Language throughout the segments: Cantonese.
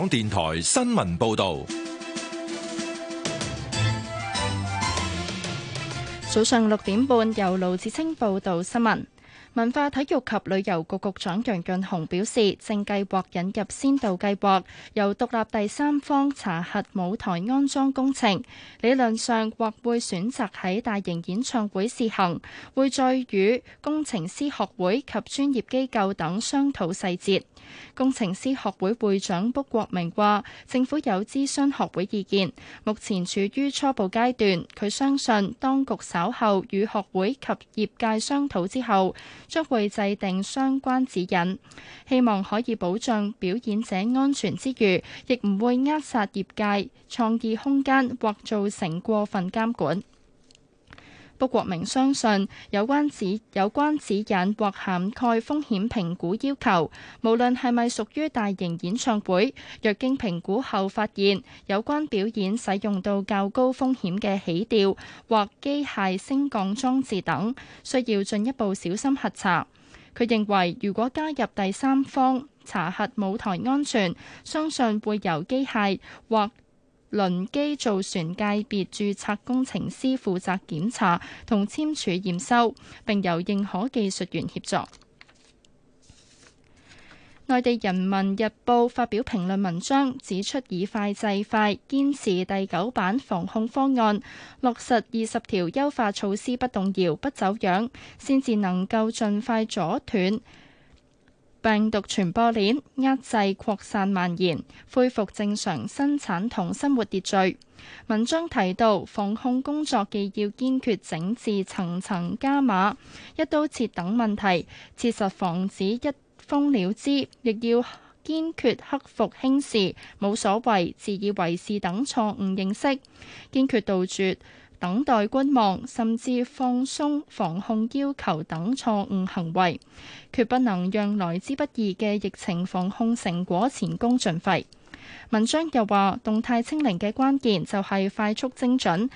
港電台新聞報道。早上六點半，由盧志清報道新聞。文化體育及旅遊局局長楊潤雄表示，正計劃引入先導計劃，由獨立第三方查核舞台安裝工程，理論上或會選擇喺大型演唱會試行，會再與工程師學會及專業機構等商討細節。工程師學會會長卜國明話，政府有諮詢學會意見，目前處於初步階段。佢相信當局稍後與學會及業界商討之後，將會制定相關指引，希望可以保障表演者安全之餘，亦唔會扼殺業界創意空間或造成過分監管。郭國明相信有關指有關指引或涵蓋風險評估要求，無論係咪屬於大型演唱會，若經評估後發現有關表演使用到較高風險嘅起吊或機械升降裝置等，需要進一步小心核查。佢認為如果加入第三方查核舞台安全，相信會由機械或輪機造船界別註冊工程師負責檢查同簽署驗收，並由認可技術員協助。內地《人民日報》發表評論文章，指出以快制快，堅持第九版防控方案，落實二十條優化措施，不動搖、不走樣，先至能夠盡快阻斷。病毒傳播鏈，遏制擴散蔓延，恢復正常生產同生活秩序。文章提到防控工作既要堅決整治層層加碼、一刀切等問題，切實防止一封了之，亦要堅決克服輕視、冇所謂、自以為是等錯誤認識，堅決杜絕、等待觀望，甚至放鬆防控要求等錯誤行為，決不能讓來之不易嘅疫情防控成果前功盡廢。文章又話，動態清零嘅關鍵就係快速精準，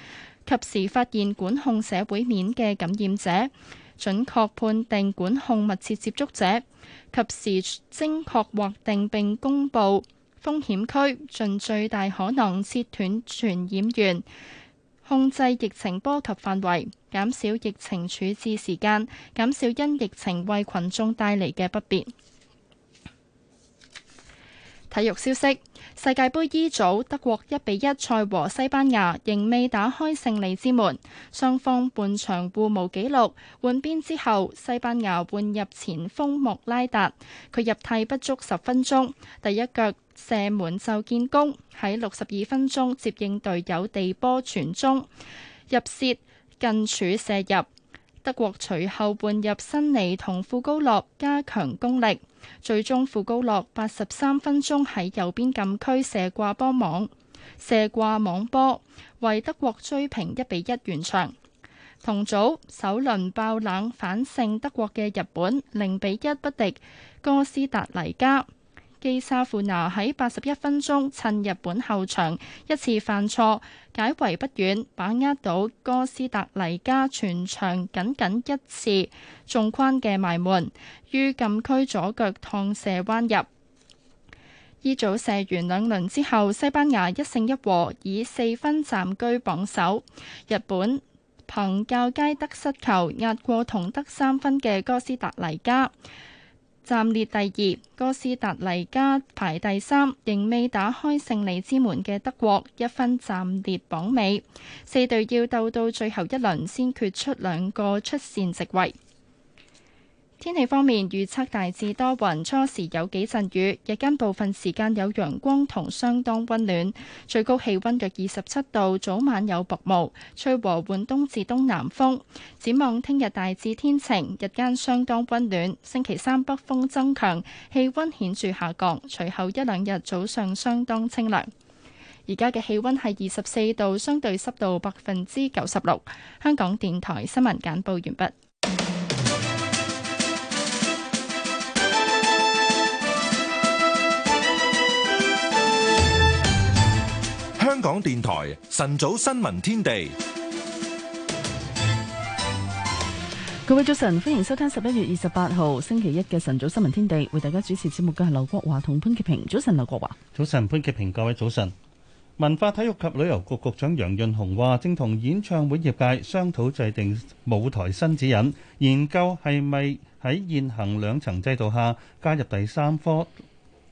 及時發現管控社會面嘅感染者，準確判定管控密切接觸者，及時精確劃定並公布風險區，盡最大可能切斷傳染源。控制疫情波及範圍，減少疫情處置時間，減少因疫情為群眾帶嚟嘅不便。體育消息：世界杯 E 組，德國一比一賽和西班牙，仍未打開勝利之門，雙方半場互無紀錄，換邊之後，西班牙換入前鋒穆拉達，佢入替不足十分鐘，第一腳。射門就建功，喺六十二分鐘接應隊友地波傳中，入射近柱射入。德國隨後換入新尼同富高洛加強攻力，最終富高洛八十三分鐘喺右邊禁區射掛波網射掛網波，為德國追平一比一完場。同組首輪爆冷反勝德國嘅日本零比一不敵哥斯達黎加。基沙富拿喺八十一分鐘趁日本後場一次犯錯解圍不遠，把握到哥斯達黎加全場僅僅一次縱寬嘅埋門，於禁區左腳趟射彎入。E 組射完兩輪之後，西班牙一勝一和，以四分暫居榜首。日本憑較佳得失球壓過同得三分嘅哥斯達黎加，暫列第二，哥斯達黎加排第三，仍未打開勝利之門嘅德國一分暫列榜尾。四隊要鬥到最後一輪先決出兩個出線席位。天氣方面，預測大致多雲，初時有幾陣雨，日間部分時間有陽光同相當溫暖，最高氣溫約二十七度。早晚有薄霧，吹和緩東至東南風。展望聽日大致天晴，日間相當溫暖。星期三北風增強，氣溫顯著下降。隨後一兩日早上相當清涼。而家嘅氣溫係二十四度，相對濕度百分之九十六。香港電台新聞簡報完畢。港電台晨早新聞天地，各位早晨，歡迎收聽十一月二十八號星期一嘅晨早新聞天地，為大家主持節目嘅係劉國華同潘潔平。早晨，劉國華，早晨，潘潔平，各位早晨。文化體育及旅遊局局，局長楊潤雄話，正同演唱會業界商討制定舞台新指引，研究係咪喺現行兩層制度下加入第三科。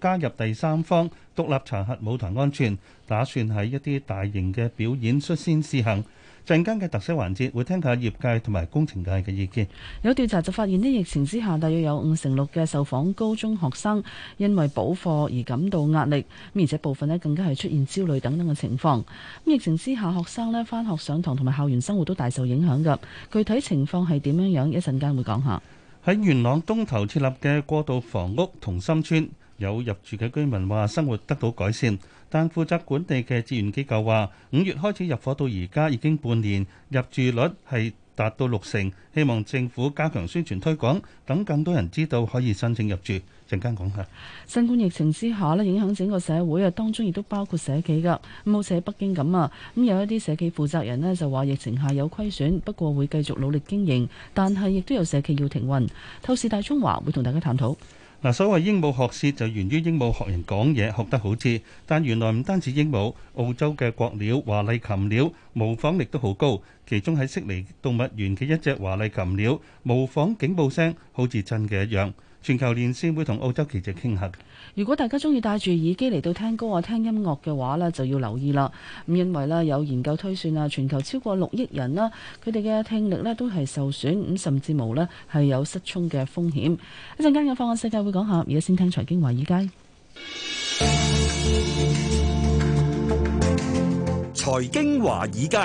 加入第三方獨立查核舞台安全，打算喺一啲大型嘅表演率先試行。陣間嘅特色環節會聽下業界同埋工程界嘅意見。有調查就發現呢，疫情之下，大約有五成六嘅受訪高中學生因為補課而感到壓力，咁而且部分呢更加係出現焦慮等等嘅情況。疫情之下，學生呢返學上堂同埋校園生活都大受影響。㗎具體情況係點樣樣？一陣間會講下喺元朗東頭設立嘅過渡房屋同心村。有入住嘅居民話生活得到改善，但負責管理嘅志願機構話，五月開始入伙到而家已經半年，入住率係達到六成。希望政府加強宣傳推廣，等更多人知道可以申請入住。陣間講下，新冠疫情之下咧影響整個社會啊，當中亦都包括社企㗎。咁好似喺北京咁啊，咁有一啲社企負責人呢，就話疫情下有虧損，不過會繼續努力經營，但係亦都有社企要停運。透視大中華會同大家探討。嗱，所謂鸚鵡學舌就源於鸚鵡學人講嘢，學得好似，但原來唔單止鸚鵡，澳洲嘅國鳥華麗琴鳥模仿力都好高，其中喺悉尼動物園嘅一隻華麗琴鳥模仿警報聲，好似真嘅一樣。全球連線會同澳洲記者傾下。如果大家中意戴住耳機嚟到聽歌啊、聽音樂嘅話咧，就要留意啦。咁因為咧有研究推算啊，全球超過六億人啦，佢哋嘅聽力咧都係受損，咁甚至無咧係有失聰嘅風險。一陣間嘅《放眼世界》會講下，而家先聽財經華爾街。財經華爾街，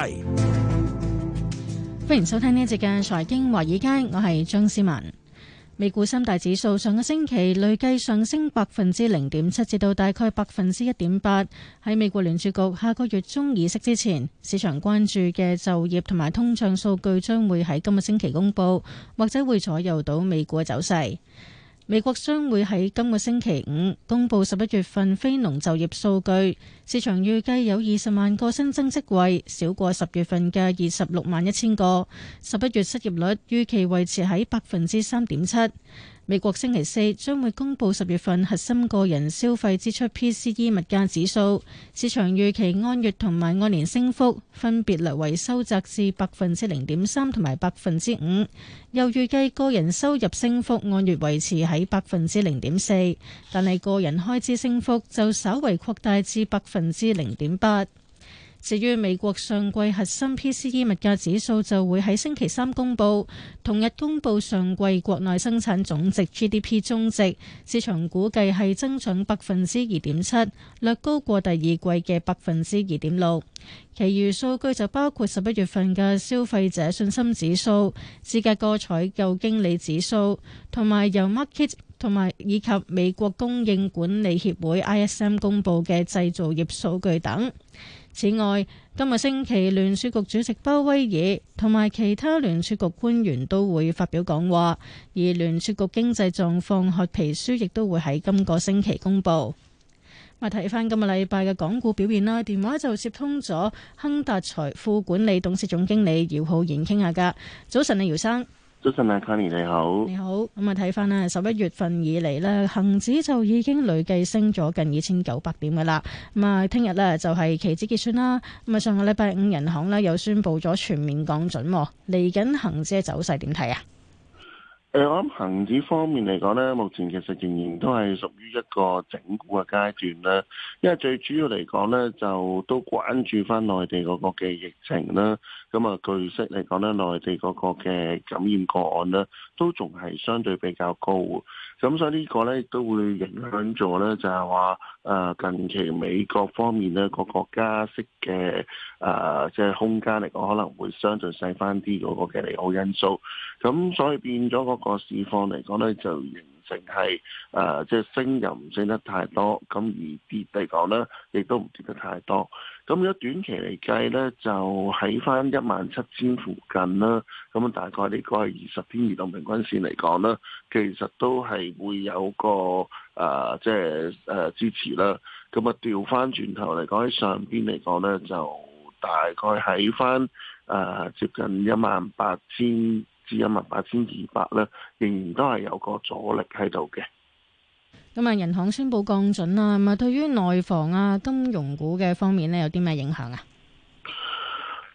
歡迎收聽呢一節嘅《財經華爾街》，我係張思文。美股三大指數上個星期累計上升百分之零點七，至到大概百分之一點八。喺美國聯儲局下個月中議息之前，市場關注嘅就業同埋通脹數據將會喺今個星期公布，或者會左右到美股嘅走勢。美國將會喺今個星期五公布十一月份非農就業數據，市場預計有二十萬個新增職位，少過十月份嘅二十六萬一千個。十一月失業率預期維持喺百分之三點七。美國星期四將會公布十月份核心個人消費支出 PCE 物價指數，市場預期按月同埋按年升幅分別略為收窄至百分之零點三同埋百分之五，又預計個人收入升幅按月維持喺百分之零點四，但係個人開支升幅就稍為擴大至百分之零點八。至於美國上季核心 PCE 物價指數就會喺星期三公佈，同日公佈上季國內生產總值 GDP 中值，市場估計係增長百分之二點七，略高過第二季嘅百分之二點六。其餘數據就包括十一月份嘅消費者信心指數、芝加哥採購經理指數，同埋由 market 同埋以及美國供應管理協會 ISM 公佈嘅製造業數據等。此外，今日星期聯儲局主席鮑威爾同埋其他聯儲局官員都會發表講話，而聯儲局經濟狀況褐皮書亦都會喺今個星期公佈。咁啊，睇翻今日禮拜嘅港股表現啦。電話就接通咗亨達財富管理董事總經理姚浩然傾下噶。早晨啊，姚生。早晨啊 Carrie 你好，你好。咁啊，睇翻呢十一月份以嚟呢恒指，就已經累計升咗近二千九百點噶啦。咁啊，聽日呢，就係期指結算啦。咁啊，上個禮拜五，銀行呢，又宣布咗全面降準。嚟緊恒指嘅走勢點睇啊？誒，我諗恒指方面嚟講呢，目前其實仍然都係屬於一個整固嘅階段咧，因為最主要嚟講呢就都關注翻內地嗰個嘅疫情啦，咁啊據悉嚟講呢內地嗰個嘅感染個案呢都仲係相對比較高。咁所以個呢個咧，都會影響咗咧，就係話誒近期美國方面咧個加息嘅誒即係空間嚟講，可能會相對細返啲嗰個嘅利好因素。咁所以變咗嗰個市況嚟講咧，就形成係誒即係升又唔升得太多，咁而跌嚟講咧，亦都唔跌得太多。咁喺短期嚟計咧，就喺翻一萬七千附近啦。咁啊，大概呢個係二十天移動平均線嚟講啦，其實都係會有個啊，即係誒支持啦。咁啊，調翻轉頭嚟講喺上邊嚟講咧，就大概喺翻啊，接近一萬八千至一萬八千二百咧，仍然都係有個阻力喺度嘅。咁啊，人行宣布降準啊，係咪，對於內房啊、金融股嘅方面咧，有啲咩影響啊？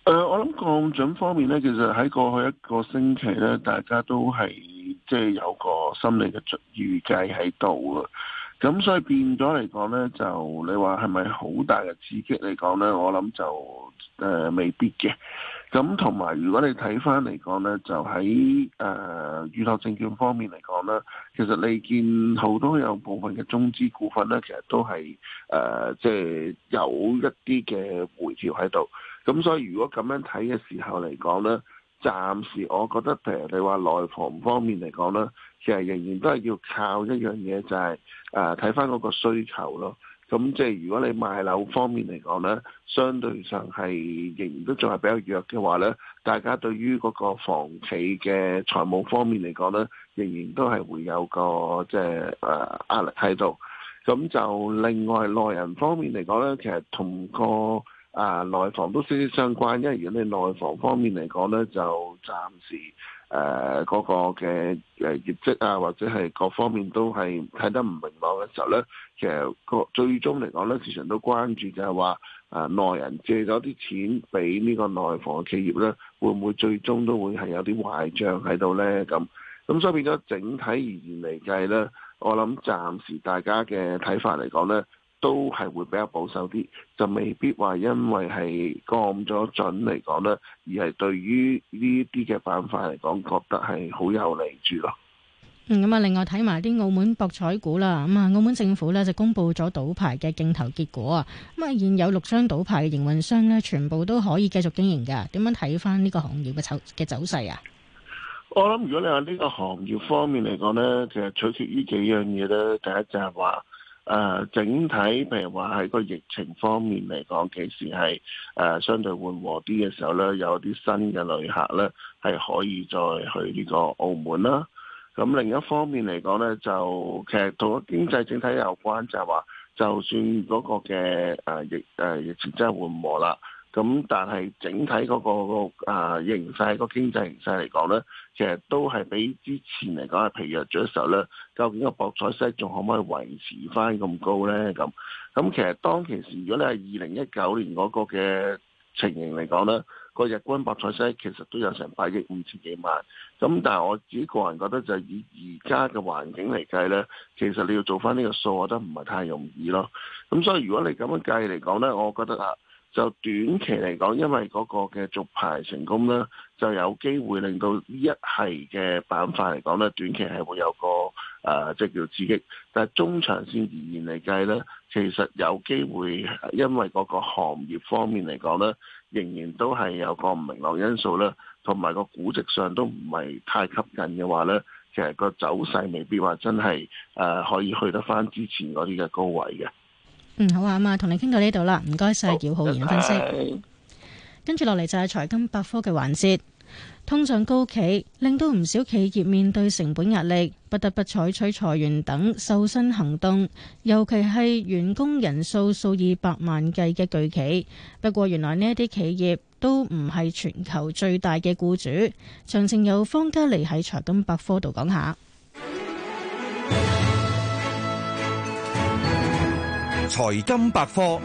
誒、呃，我諗降準方面咧，其實喺過去一個星期咧，大家都係即係有個心理嘅預計喺度啊。咁所以變咗嚟講咧，就你話係咪好大嘅刺激嚟講咧？我諗就誒、呃，未必嘅。咁同埋，如果你睇翻嚟講咧，就喺誒預託證券方面嚟講咧，其實你見好多有部分嘅中資股份咧，其實都係誒，即係有一啲嘅回調喺度。咁所以如果咁樣睇嘅時候嚟講咧，暫時我覺得，譬如你話內房方面嚟講咧，其實仍然都係要靠一樣嘢，就係誒睇翻嗰個需求咯。咁即係如果你賣樓方面嚟講咧，相對上係仍然都仲係比較弱嘅話咧，大家對於嗰個房企嘅財務方面嚟講咧，仍然都係會有個即係誒壓力喺度。咁就另外內人方面嚟講咧，其實同個誒內房都息息相關，因為如果你內房方面嚟講咧，就暫時。誒嗰、呃、個嘅誒業績啊，或者係各方面都係睇得唔明朗嘅時候咧，其實個最終嚟講咧，市場都關注就係話，誒、呃、內人借咗啲錢俾呢個內房嘅企業咧，會唔會最終都會係有啲壞帳喺度咧？咁咁所以變咗整體而言嚟計咧，我諗暫時大家嘅睇法嚟講咧。都係會比較保守啲，就未必話因為係降咗準嚟講呢，而係對於呢啲嘅板塊嚟講，覺得係好有利處咯。咁啊、嗯，另外睇埋啲澳門博彩股啦，咁、嗯、啊，澳門政府呢就公布咗賭牌嘅競投結果啊，咁、嗯、啊，現有六張賭牌嘅營運商呢，全部都可以繼續經營噶。點樣睇翻呢個行業嘅走嘅走勢啊？我諗如果你話呢個行業方面嚟講呢，其實取決於幾樣嘢呢？第一就係話。誒、呃、整體，譬如話喺個疫情方面嚟講，幾時係誒、呃、相對緩和啲嘅時候咧，有啲新嘅旅客咧係可以再去呢個澳門啦。咁另一方面嚟講咧，就其實同經濟整體有關，就係話，就算嗰個嘅誒、呃、疫誒、呃、疫情真係緩和啦。咁、嗯、但係整體嗰、嗰個、嗰個、啊形勢，個經濟形勢嚟講咧，其實都係比之前嚟講係疲弱咗嘅時候咧，究竟個博彩息仲可唔可以維持翻咁高咧？咁咁、嗯、其實當其時，如果你係二零一九年嗰個嘅情形嚟講咧，個日均博彩息其實都有成百億五千幾萬。咁、嗯、但係我自己個人覺得就以而家嘅環境嚟計咧，其實你要做翻呢個數，我覺得唔係太容易咯。咁、嗯、所以如果你咁樣計嚟講咧，我覺得啊～就短期嚟講，因為嗰個嘅續牌成功咧，就有機會令到呢一系嘅板塊嚟講咧，短期係會有個誒即係叫刺激。但係中長線而言嚟計咧，其實有機會，因為嗰個行業方面嚟講咧，仍然都係有個唔明朗因素咧，同埋個估值，上都唔係太吸引嘅話咧，其實個走勢未必話真係誒、呃、可以去得翻之前嗰啲嘅高位嘅。嗯、好啊，阿媽，同你傾到呢度啦，唔該晒姚浩然分析。 跟住落嚟就係財金百科嘅環節，通脹高企，令到唔少企業面對成本壓力，不得不採取裁員等瘦身行動。尤其係員工人數數以百萬計嘅巨企。不過，原來呢一啲企業都唔係全球最大嘅雇主。詳情由方家利喺財金百科度講下。財金百科，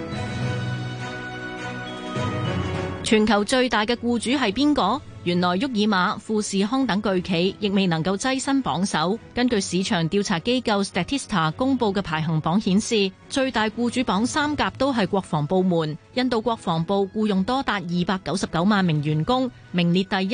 全球最大嘅僱主係邊個？原來沃爾瑪、富士康等巨企亦未能夠躋身榜首。根據市場調查機構 Statista 公布嘅排行榜顯示，最大僱主榜三甲都係國防部門。印度國防部僱用多達二百九十九萬名員工，名列第一。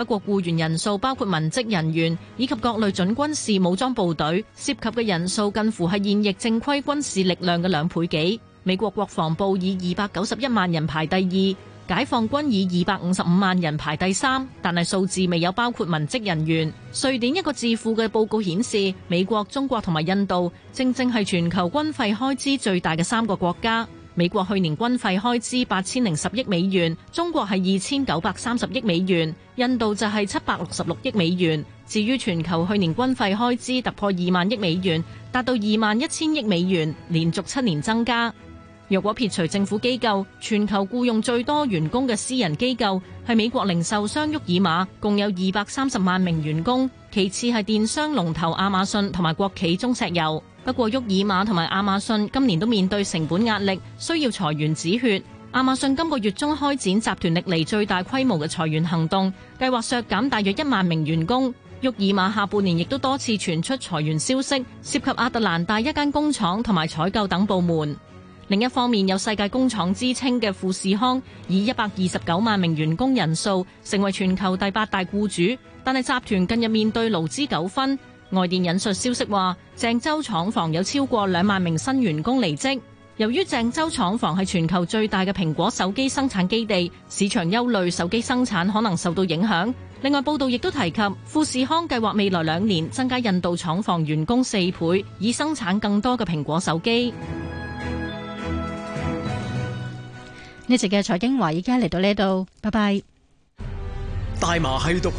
不過雇員人數包括文職人員以及各類準軍事武裝部隊，涉及嘅人數近乎係現役正規軍事力量嘅兩倍幾。美國國防部以二百九十一萬人排第二，解放軍以二百五十五萬人排第三，但係數字未有包括文職人員。瑞典一個智庫嘅報告顯示，美國、中國同埋印度正正係全球軍費開支最大嘅三個國家。美國去年軍費開支八千零十億美元，中國係二千九百三十億美元，印度就係七百六十六億美元。至於全球去年軍費開支突破二萬億美元，達到二萬一千億美元，連續七年增加。若果撇除政府機構，全球僱傭最多員工嘅私人機構係美國零售商沃爾瑪，共有二百三十萬名員工。其次係電商龍頭亞馬遜同埋國企中石油。不過沃爾瑪同埋亞馬遜今年都面對成本壓力，需要裁員止血。亞馬遜今個月中開展集團歷嚟最大規模嘅裁員行動，計劃削減大約一萬名員工。沃爾瑪下半年亦都多次傳出裁員消息，涉及亞特蘭大一間工廠同埋採購等部門。另一方面，有世界工廠之稱嘅富士康以一百二十九萬名員工人數成為全球第八大雇主。但係集團近日面對勞資糾紛，外電引述消息話鄭州廠房有超過兩萬名新員工離職，由於鄭州廠房係全球最大嘅蘋果手機生產基地，市場憂慮手機生產可能受到影響。另外，報道亦都提及富士康計劃未來兩年增加印度廠房員工四倍，以生產更多嘅蘋果手機。呢集嘅財經華，而家嚟到呢度，拜拜。大麻係毒品，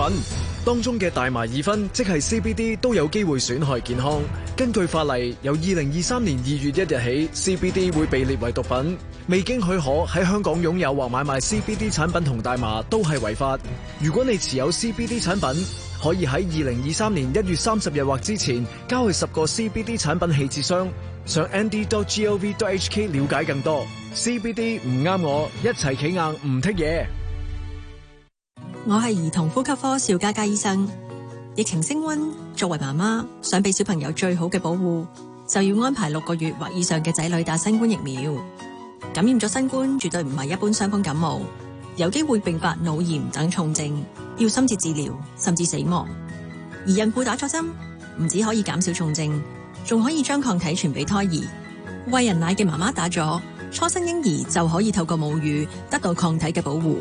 當中嘅大麻二酚即係 CBD，都有機會損害健康。根據法例，由二零二三年二月一日起，CBD 會被列為毒品。未經許可，喺香港擁有或買賣 CBD 產品同大麻都係違法。如果你持有 CBD 產品，可以喺二零二三年一月三十日或之前交去十個 CBD 產品棄置箱。上 nd.gov.hk 了解更多。CBD 唔啱我，一齊企硬唔剔嘢。我係兒童呼吸科邵嘉嘉醫生。疫情升温，作為媽媽想俾小朋友最好嘅保護，就要安排六個月或以上嘅仔女打新冠疫苗。感染咗新冠，絕對唔係一般傷風感冒，有機會併發腦炎等重症，要深切治療，甚至死亡。而孕婦打咗針，唔止可以減少重症。仲可以將抗體傳俾胎兒，餵人奶嘅媽媽打咗，初生嬰兒就可以透過母乳得到抗體嘅保護。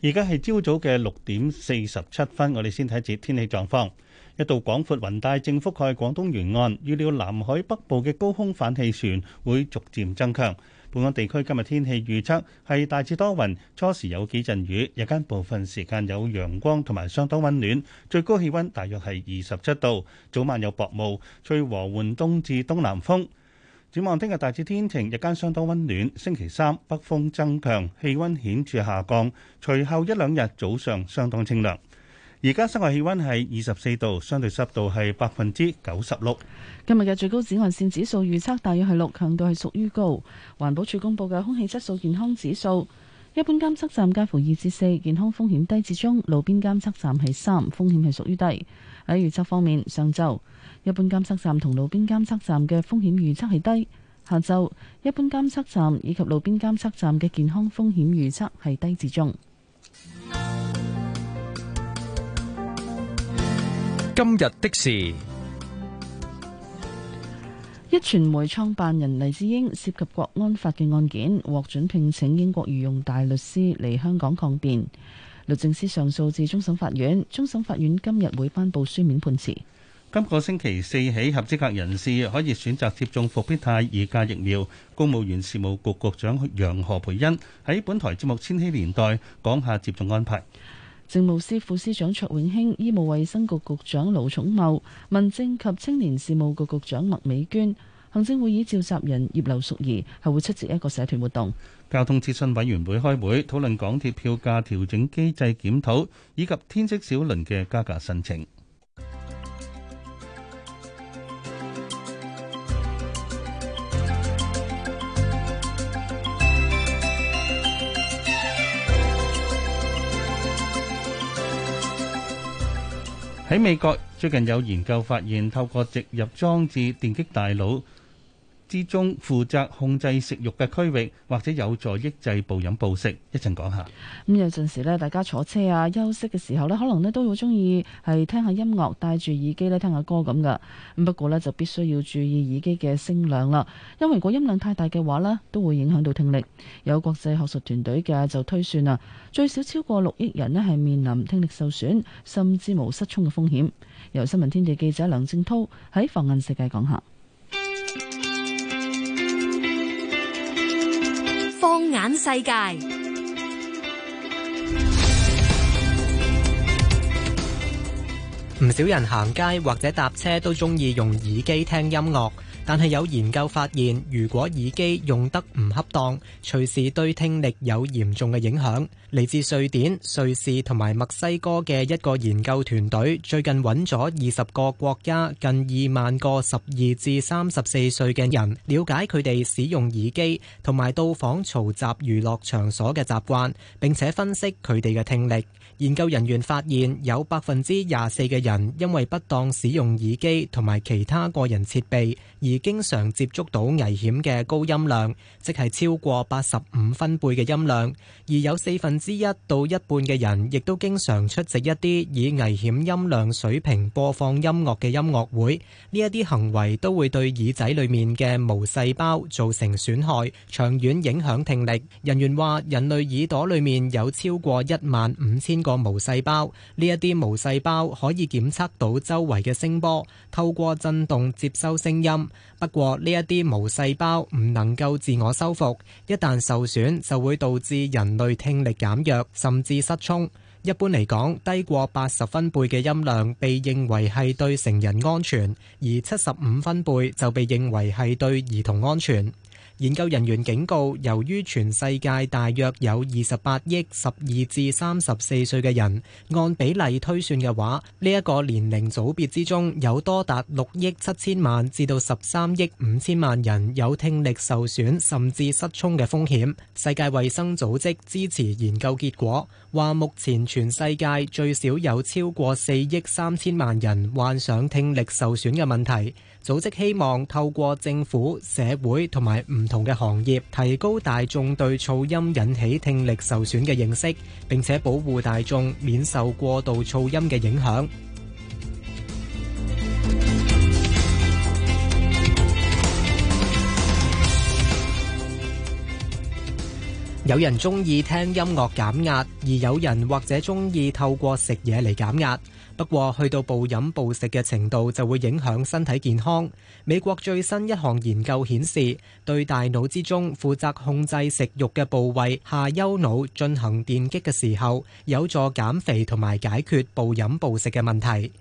而家係朝早嘅六點四十七分，我哋先睇一節天氣狀況。一道廣闊雲帶正覆蓋廣東沿岸，預料南海北部嘅高空反氣旋會逐漸增強。本港地區今日天，天氣預測係大致多雲，初時有幾陣雨，日間部分時間有陽光同埋相當溫暖，最高氣溫大約係二十七度，早晚有薄霧，吹和緩東至東南風。展望聽日大致天晴，日間相當溫暖。星期三北風增強，氣溫顯著下降，隨後一兩日早上相當清涼。而家室外氣溫係二十四度，相對濕度係百分之九十六。今日嘅最高紫外線指數預測大約係六，強度係屬於高。環保署公布嘅空氣質素健康指數一般監測站介乎二至四，健康風險低至中；路邊監測站係三，風險係屬於低。喺預測方面，上晝一般監測站同路邊監測站嘅風險預測係低；下晝一般監測站以及路邊監測站嘅健康風險預測係低至中。今日的事，一傳媒創辦人黎智英涉及國安法嘅案件，獲准聘請英國御用大律師嚟香港抗辯。律政司上訴至終審法院，終審法院今日會頒布書面判詞。今個星期四起，合資格人士可以選擇接種復必泰二價疫苗。公務員事務局局長楊何培恩喺本台節目《千禧年代》講下接種安排。政務司副司長卓永興、醫務衛生局局長盧寵茂、民政及青年事務局局長麥美娟、行政會議召集人葉劉淑儀係會出席一個社團活動。交通諮詢委員會開會討論港鐵票價調整機制檢討以及天色小輪嘅加價申請。喺美國最近有研究發現，透過植入裝置電擊大腦，之中負責控制食慾嘅區域，或者有助抑制暴飲暴食。一陣講下。咁有陣時咧，大家坐車啊、休息嘅時候咧，可能咧都好中意係聽下音樂，戴住耳機咧聽下歌咁噶。咁不過呢，就必須要注意耳機嘅聲量啦，因為如果音量太大嘅話咧，都會影響到聽力。有國際學術團隊嘅就推算啊，最少超過六億人咧係面臨聽力受損，甚至無失聰嘅風險。由新聞天地記者梁正濤喺放眼世界講下。眼世界，唔少人行街或者搭車都中意用耳機聽音樂。但係有研究發現，如果耳機用得唔恰當，隨時對聽力有嚴重嘅影響。嚟自瑞典、瑞士同埋墨西哥嘅一個研究團隊，最近揾咗二十個國家近二萬個十二至三十四歲嘅人，了解佢哋使用耳機同埋到訪嘈雜娛樂場所嘅習慣，並且分析佢哋嘅聽力。研究人員發現，有百分之廿四嘅人因為不當使用耳機同埋其他個人設備，而經常接觸到危險嘅高音量，即係超過八十五分貝嘅音量。而有四分之一到一半嘅人，亦都經常出席一啲以危險音量水平播放音樂嘅音樂會。呢一啲行為都會對耳仔裡面嘅毛細胞造成損害，長遠影響聽力。人員話，人類耳朵裡面有超過一萬五千個個毛細胞。呢一啲毛細胞可以檢測到周圍嘅聲波，透過震動接收聲音。不過呢一啲毛細胞唔能夠自我修復，一旦受損就會導致人類聽力減弱，甚至失聰。一般嚟講，低過八十分貝嘅音量被認為係對成人安全，而七十五分貝就被認為係對兒童安全。研究人員警告，由於全世界大約有二十八億十二至三十四歲嘅人，按比例推算嘅話，呢一個年齡組別之中有多達六億七千萬至到十三億五千萬人有聽力受損甚至失聰嘅風險。世界衛生組織支持研究結果，話目前全世界最少有超過四億三千萬人患上聽力受損嘅問題。組織希望透過政府、社會同埋唔同嘅行業，提高大眾對噪音引起聽力受損嘅認識，並且保護大眾免受過度噪音嘅影響。 有人鍾意聽音樂減壓，而有人或者鍾意透過食嘢嚟減壓。不過，去到暴飲暴食嘅程度就會影響身體健康。美國最新一項研究顯示，對大腦之中負責控制食慾嘅部位下丘腦進行電擊嘅時候，有助減肥同埋解決暴飲暴食嘅問題。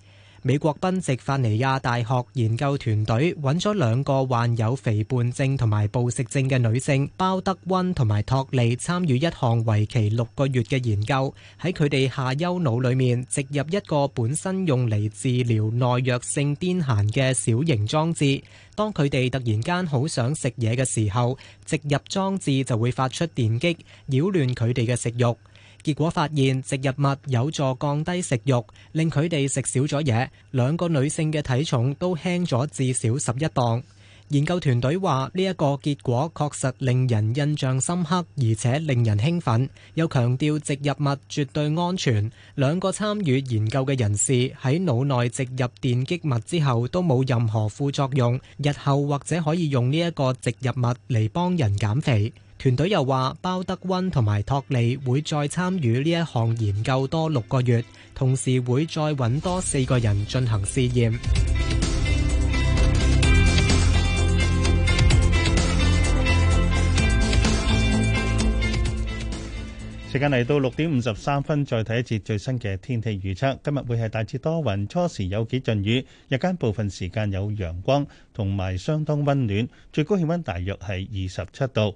美國賓夕法尼亞大學研究團隊揾咗兩個患有肥胖症同埋暴食症嘅女性，鮑德溫同埋托利參與一項為期六個月嘅研究，喺佢哋下丘腦裏面植入一個本身用嚟治療耐藥性癲癇嘅小型裝置。當佢哋突然間好想食嘢嘅時候，植入裝置就會發出電擊，擾亂佢哋嘅食慾。結果發現，植入物有助降低食慾，令佢哋食少咗嘢。兩個女性嘅體重都輕咗至少十一磅。研究團隊話：呢一個結果確實令人印象深刻，而且令人興奮。又強調植入物絕對安全。兩個參與研究嘅人士喺腦內植入電擊物之後，都冇任何副作用。日後或者可以用呢一個植入物嚟幫人減肥。團隊又話，鮑德溫同埋托利會再參與呢一項研究多六個月，同時會再揾多四個人進行試驗。時間嚟到六點五十三分，再睇一節最新嘅天氣預測。今日會係大致多雲，初時有幾陣雨，日間部分時間有陽光同埋相當温暖，最高氣温大約係二十七度。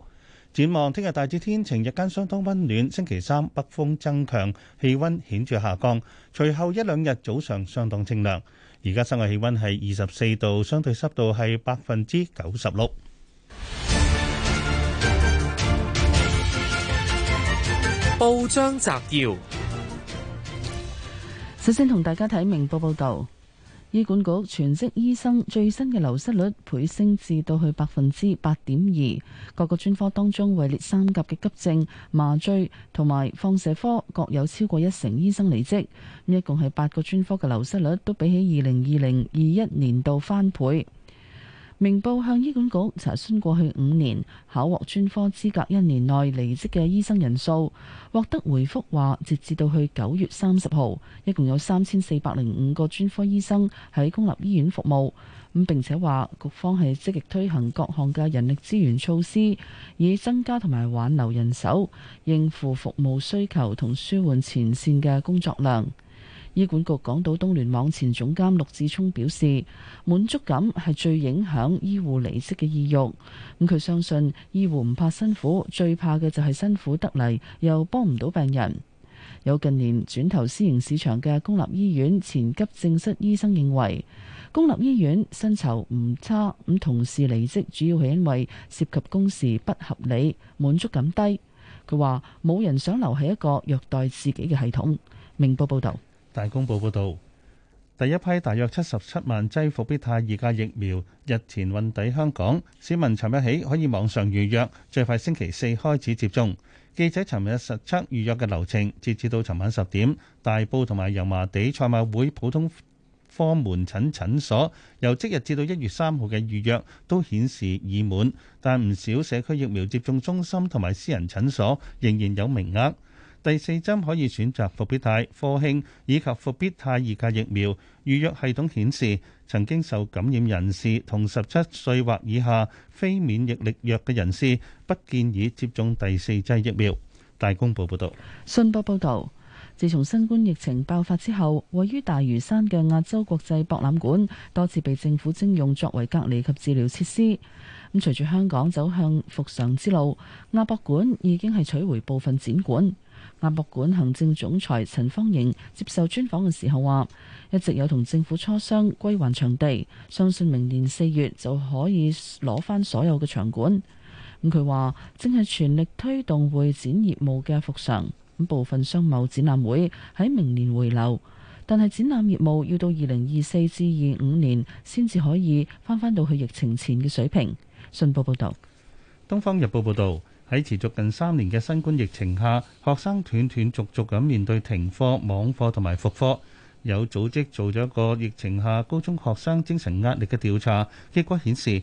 展望聽日大致天晴，日間相當溫暖。星期三北風增強，氣溫顯著下降。隨後一兩日早上相當清涼。而家室外氣溫係二十四度，相對濕度係百分之九十六。報章摘要，首先同大家睇明報報道。醫管局全職醫生最新嘅流失率倍升至到去百分之八點二，各個專科當中位列三甲嘅急症、麻醉同埋放射科各有超過一成醫生離職，咁一共係八個專科嘅流失率都比起二零二零二一年度翻倍。明報向醫管局查詢過去五年考獲專科資格一年內離職嘅醫生人數，獲得回覆話，截至到去九月三十號，一共有三千四百零五個專科醫生喺公立醫院服務。咁並且話，局方係積極推行各項嘅人力資源措施，以增加同埋挽留人手，應付服務需求同舒緩前線嘅工作量。醫管局港島東聯網前總監陸志聰表示，滿足感係最影響醫護離職嘅意欲。咁佢相信，醫護唔怕辛苦，最怕嘅就係辛苦得嚟又幫唔到病人。有近年轉投私營市場嘅公立醫院前急症室醫生認為，公立醫院薪酬唔差，咁同事離職主要係因為涉及工時不合理、滿足感低。佢話冇人想留喺一個虐待自己嘅系統。明報報道。大公報報導，第一批大約七十七萬劑復必泰二價疫苗日前運抵香港，市民尋日起可以網上預約，最快星期四開始接種。記者尋日實測預約嘅流程，截至到尋晚十點，大埔同埋油麻地賽馬會普通科門診診所由即日至到一月三號嘅預約都顯示已滿，但唔少社區疫苗接種中心同埋私人診所仍然有名額。第四針可以選擇復必泰、科興以及復必泰二價疫苗。預約系統顯示，曾經受感染人士同十七歲或以下非免疫力弱嘅人士，不建議接種第四劑疫苗。大公報報導，信報報導，自從新冠疫情爆發之後，位於大嶼山嘅亞洲國際博覽館多次被政府徵用作為隔離及治療設施。咁隨住香港走向復常之路，亞博館已經係取回部分展館。亞博館行政總裁陳方瑩接受專訪嘅時候話，一直有同政府磋商歸還場地，相信明年四月就可以攞翻所有嘅場館。咁佢話正係全力推動會展業務嘅復常，咁部分商貿展覽會喺明年回流，但係展覽業務要到二零二四至二五年先至可以翻翻到去疫情前嘅水平。信報報道，《東方日報》報道。喺持續近三年嘅新冠疫情下，學生斷斷續續咁面對停課、網課同埋復課。有組織做咗一個疫情下高中學生精神壓力嘅調查，結果顯示，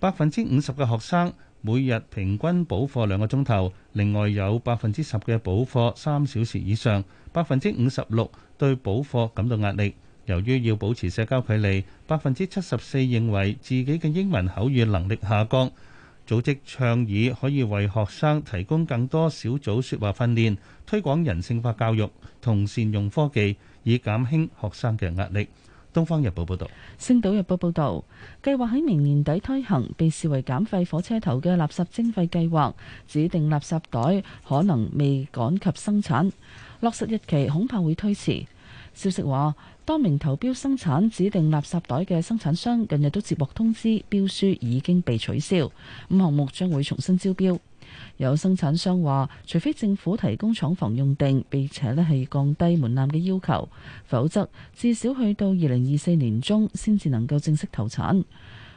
百分之五十嘅學生每日平均補課兩個鐘頭，另外有百分之十嘅補課三小時以上，百分之五十六對補課感到壓力。由於要保持社交距離，百分之七十四認為自己嘅英文口語能力下降。組織倡議可以為學生提供更多小組説話訓練，推廣人性化教育同善用科技，以減輕學生嘅壓力。《東方日報》報導，《星島日報》報導，計劃喺明年底推行，被視為減廢火車頭嘅垃圾徵費計劃，指定垃圾袋可能未趕及生產，落實日期恐怕會推遲。消息話，多名投標生產指定垃圾袋嘅生產商近日都接獲通知，標書已經被取消，咁項目將會重新招標。有生產商話，除非政府提供廠房用定，並且呢係降低門檻嘅要求，否則至少去到二零二四年中先至能夠正式投產。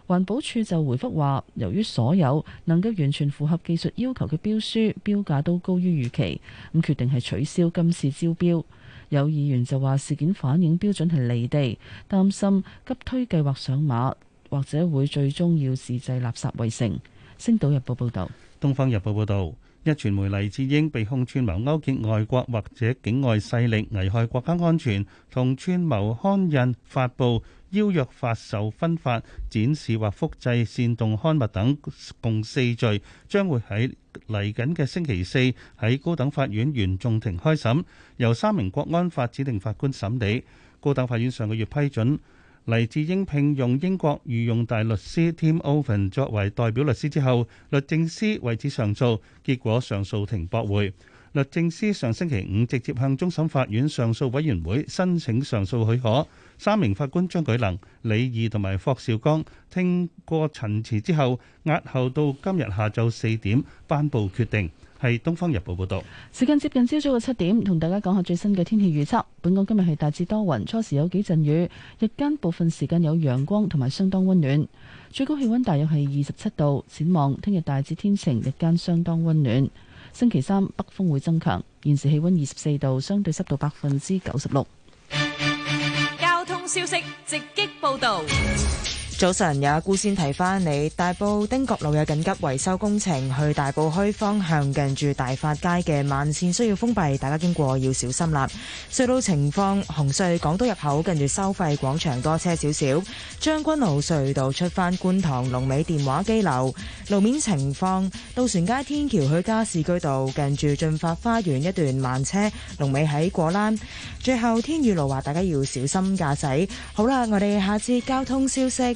環保署就回復話，由於所有能夠完全符合技術要求嘅標書標價都高於預期，咁決定係取消今次招標。有議員就話事件反映標準係離地，擔心急推計劃上馬，或者會最終要自製垃圾圍城。星島日報報道。東方日報報導。一傳媒黎智英被控串謀勾結外國或者境外勢力危害國家安全，同串謀刊印、發布、邀約發售、分發、展示或複製煽動刊物等，共四罪，將會喺嚟緊嘅星期四喺高等法院原訟庭開審，由三名國安法指定法官審理。高等法院上個月批准。黎智英聘用英國御用大律師 Tim Owen 作為代表律師之後，律政司為此上訴，結果上訴庭駁回。律政司上星期五直接向終審法院上訴委員會申請上訴許可，三名法官張舉能、李義同埋霍兆剛聽過陳詞之後，押後到今日下晝四點頒布決定。係《東方日報》報道，時間接近朝早嘅七點，同大家講下最新嘅天氣預測。本港今日係大致多雲，初時有幾陣雨，日間部分時間有陽光同埋相當溫暖，最高氣溫大約係二十七度。展望聽日大致天晴，日間相當溫暖。星期三北風會增強，現時氣溫二十四度，相對濕度百分之九十六。交通消息直擊報道。早晨，有阿姑先提翻你，大埔汀角路有緊急維修工程，去大埔墟方向近住大發街嘅慢綫需要封閉，大家經過要小心啦。隧道情況，紅隧港島入口近住收費廣場多車少少。將軍澳隧道出返觀塘龍尾電話機樓路面情況，渡船街天橋去加士居道近住駿發花園一段慢車龍尾喺果欄，最後天雨路滑大家要小心駕駛，好啦，我哋下次交通消息。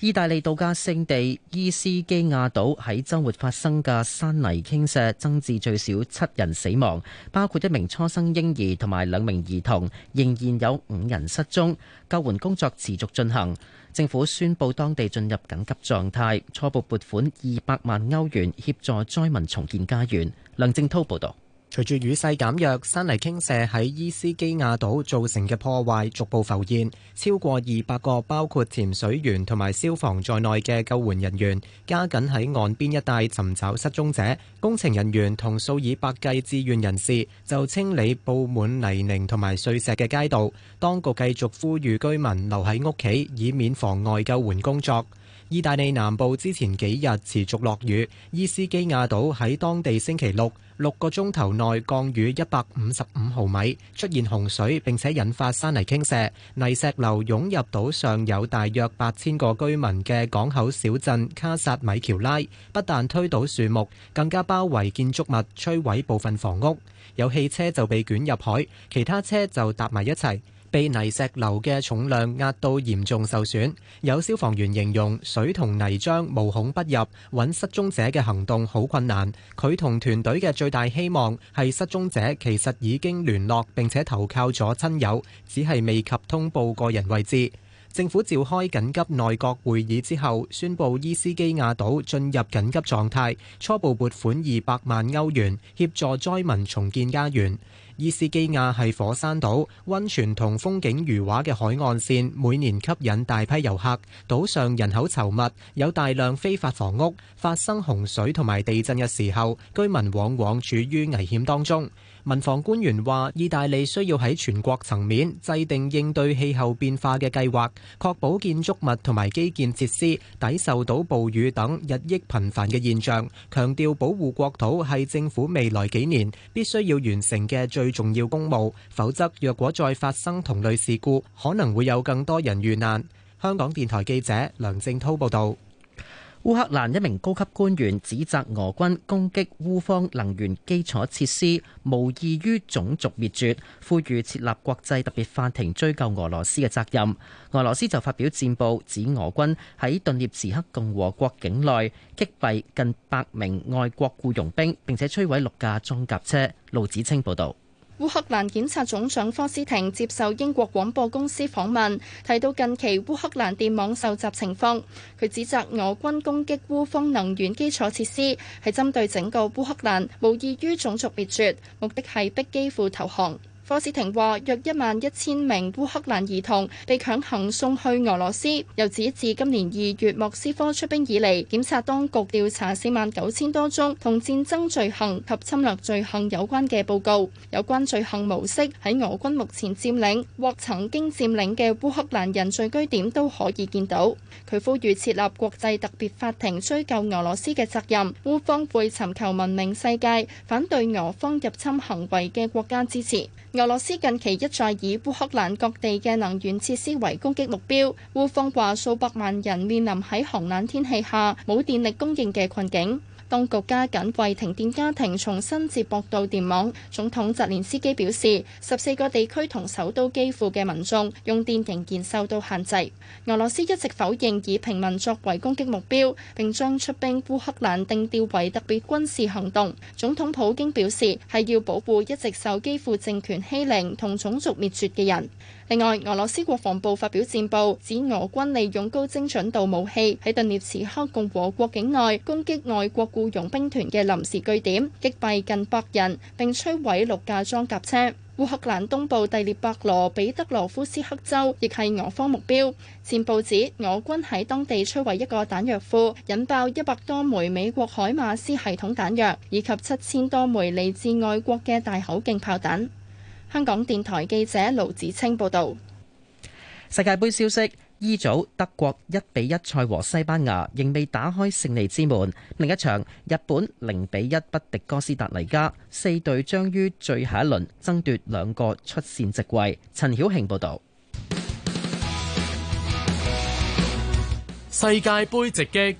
意大利度假勝地伊斯基亞島喺周末發生嘅山泥傾瀉，增至最少七人死亡，包括一名初生嬰兒同埋兩名兒童，仍然有五人失蹤，救援工作持續進行。政府宣布當地進入緊急狀態，初步撥款二百萬歐元協助災民重建家園。梁正濤報道。隨住雨勢減弱，山泥傾瀉喺伊斯基亞島造成嘅破壞逐步浮現，超過二百個包括潛水員同埋消防在內嘅救援人員加緊喺岸邊一帶尋找失蹤者。工程人員同數以百計志願人士就清理佈滿泥濘同埋碎石嘅街道。當局繼續呼籲居民留喺屋企，以免妨礙救援工作。意大利南部之前幾日持續落雨，伊斯基亞島喺當地星期六六個鐘頭內降雨一百五十五毫米，出現洪水並且引發山泥傾瀉，泥石流湧入島，島上有大約八千個居民嘅港口小鎮卡薩米喬拉，不但推倒樹木，更加包圍建築物，摧毀部分房屋，有汽車就被捲入海，其他車就搭埋一齊。被泥石流嘅重量壓到嚴重受損，有消防員形容水同泥漿無孔不入，搵失蹤者嘅行動好困難。佢同團隊嘅最大希望係失蹤者其實已經聯絡並且投靠咗親友，只係未及通報個人位置。政府召開緊急內閣會議之後，宣布伊斯基亞島進入緊急狀態，初步撥款二百萬歐元協助災民重建家園。伊斯基亞係火山島，溫泉同風景如畫嘅海岸線每年吸引大批遊客。島上人口稠密，有大量非法房屋，發生洪水同埋地震嘅時候，居民往往處於危險當中。民防官員話，意大利需要喺全國層面制定應對氣候變化嘅計劃，確保建築物同埋基建設施，抵受到暴雨等日益頻繁嘅現象。強調保護國土係政府未來幾年必須要完成嘅最重要公務，否則若果再發生同類事故，可能會有更多人遇難。香港電台記者梁正滔報導。烏克蘭一名高級官員指責俄軍攻擊烏方能源基礎設施，無異於種族滅絕，呼籲設立國際特別法庭追究俄羅斯嘅責任。俄羅斯就發表戰報指俄軍喺頓涅茨克共和國境內擊斃近百名外國僱傭兵，並且摧毀六架裝甲車。路子清報道。烏克蘭檢察總長科斯廷接受英國廣播公司訪問，提到近期烏克蘭電網受襲情況。佢指責俄軍攻擊烏方能源基礎設施，係針對整個烏克蘭，無異於種族滅絕，目的係逼基輔投降。科斯廷話：約一萬一千名烏克蘭兒童被強行送去俄羅斯。又指自今年二月莫斯科出兵以嚟，檢察當局調查四萬九千多宗同戰爭罪行及侵略罪行有關嘅報告。有關罪行模式喺俄軍目前佔領或曾經佔領嘅烏克蘭人聚居點都可以見到。佢呼籲設立國際特別法庭追究俄羅斯嘅責任。烏方會尋求文明世界，反對俄方入侵行為嘅國家支持。俄羅斯近期一再以烏克蘭各地嘅能源設施為攻擊目標，烏方話數百萬人面臨喺寒冷天氣下冇電力供應嘅困境。當局加緊為停電家庭重新接駁到電網。總統澤連斯基表示，十四個地區同首都基輔嘅民眾用電仍然受到限制。俄羅斯一直否認以平民作為攻擊目標，並將出兵烏克蘭定調為特別軍事行動。總統普京表示，係要保護一直受基輔政權欺凌同種族滅絕嘅人。另外，俄羅斯國防部發表戰報，指俄軍利用高精準度武器喺頓涅茨克共和國境內攻擊外國僱傭兵團嘅臨時據點，擊斃近百人，並摧毀六架裝甲車。烏克蘭東部第聶伯羅彼得羅夫斯克州亦係俄方目標。戰報指俄軍喺當地摧毀一個彈藥庫，引爆一百多枚美國海馬斯系統彈藥，以及七千多枚嚟自外國嘅大口徑炮彈。香港電臺記者盧子清報道：世界盃消息，E 組德國一比一賽和西班牙仍未打開勝利之門，另一場日本零比一不敵哥斯達黎加，四隊將於最後一輪爭奪兩個出線席位。陳曉慶報道：世界杯直擊。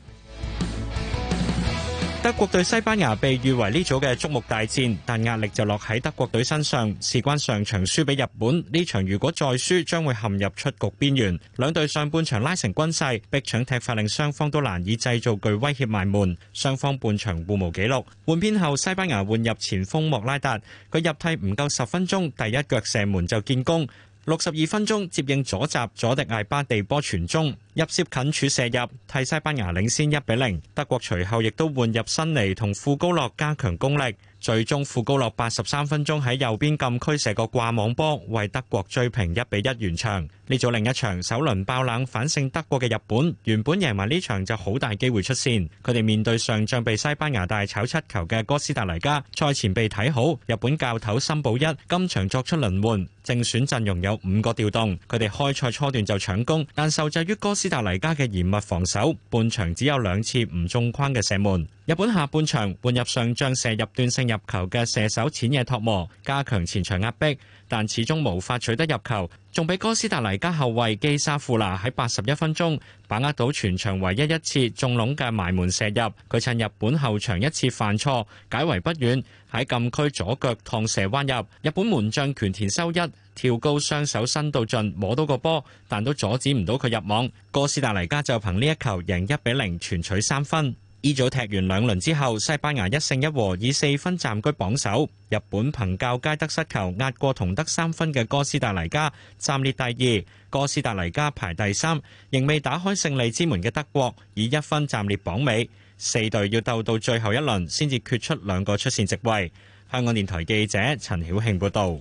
德國對西班牙被譽為呢組嘅矚目大戰，但壓力就落喺德國隊身上，事關上場輸俾日本呢場，如果再輸，將會陷入出局邊緣。兩隊上半場拉成均勢，逼搶踢法令雙方都難以製造具威脅埋門。雙方半場互無紀錄，換邊後西班牙換入前鋒莫拉達，佢入替唔夠十分鐘，第一腳射門就建功。六十二分鐘，接應左閘左迪艾巴地波傳中入攝近柱射入，替西班牙領先一比零。德國隨後亦都換入新尼同富高諾加強攻力，最終富高諾八十三分鐘喺右邊禁區射個掛網波，為德國追平一比一完場。呢組另一場首輪爆冷反勝德國嘅日本，原本贏埋呢場就好大機會出線。佢哋面對上仗被西班牙大炒七球嘅哥斯達黎加，賽前被睇好。日本教頭森保一今場作出輪換，正選陣容有五個調動。佢哋開賽初段就搶攻，但受制於哥斯達黎加嘅嚴密防守，半場只有兩次唔中框嘅射門。日本下半場換入上仗射入斷性入球嘅射手淺野拓磨，加強前場壓迫。但始終無法取得入球，仲俾哥斯達黎加後衛基沙庫拿喺八十一分鐘把握到全場唯一一次中籠嘅埋門射入。佢趁日本後場一次犯錯解圍不遠，喺禁區左腳趟射彎入。日本門將權田修一跳高，雙手伸到盡摸到個波，但都阻止唔到佢入網。哥斯達黎加就憑呢一球贏一比零，0，全取三分。E 組踢完兩輪之後，西班牙一勝一和，以四分暫居榜首。日本憑較佳得失球壓過同得三分嘅哥斯達黎加，暫列第二。哥斯達黎加排第三，仍未打開勝利之門嘅德國以一分暫列榜尾。四隊要鬥到最後一輪先至決出兩個出線席位。香港電台記者陳曉慶報導。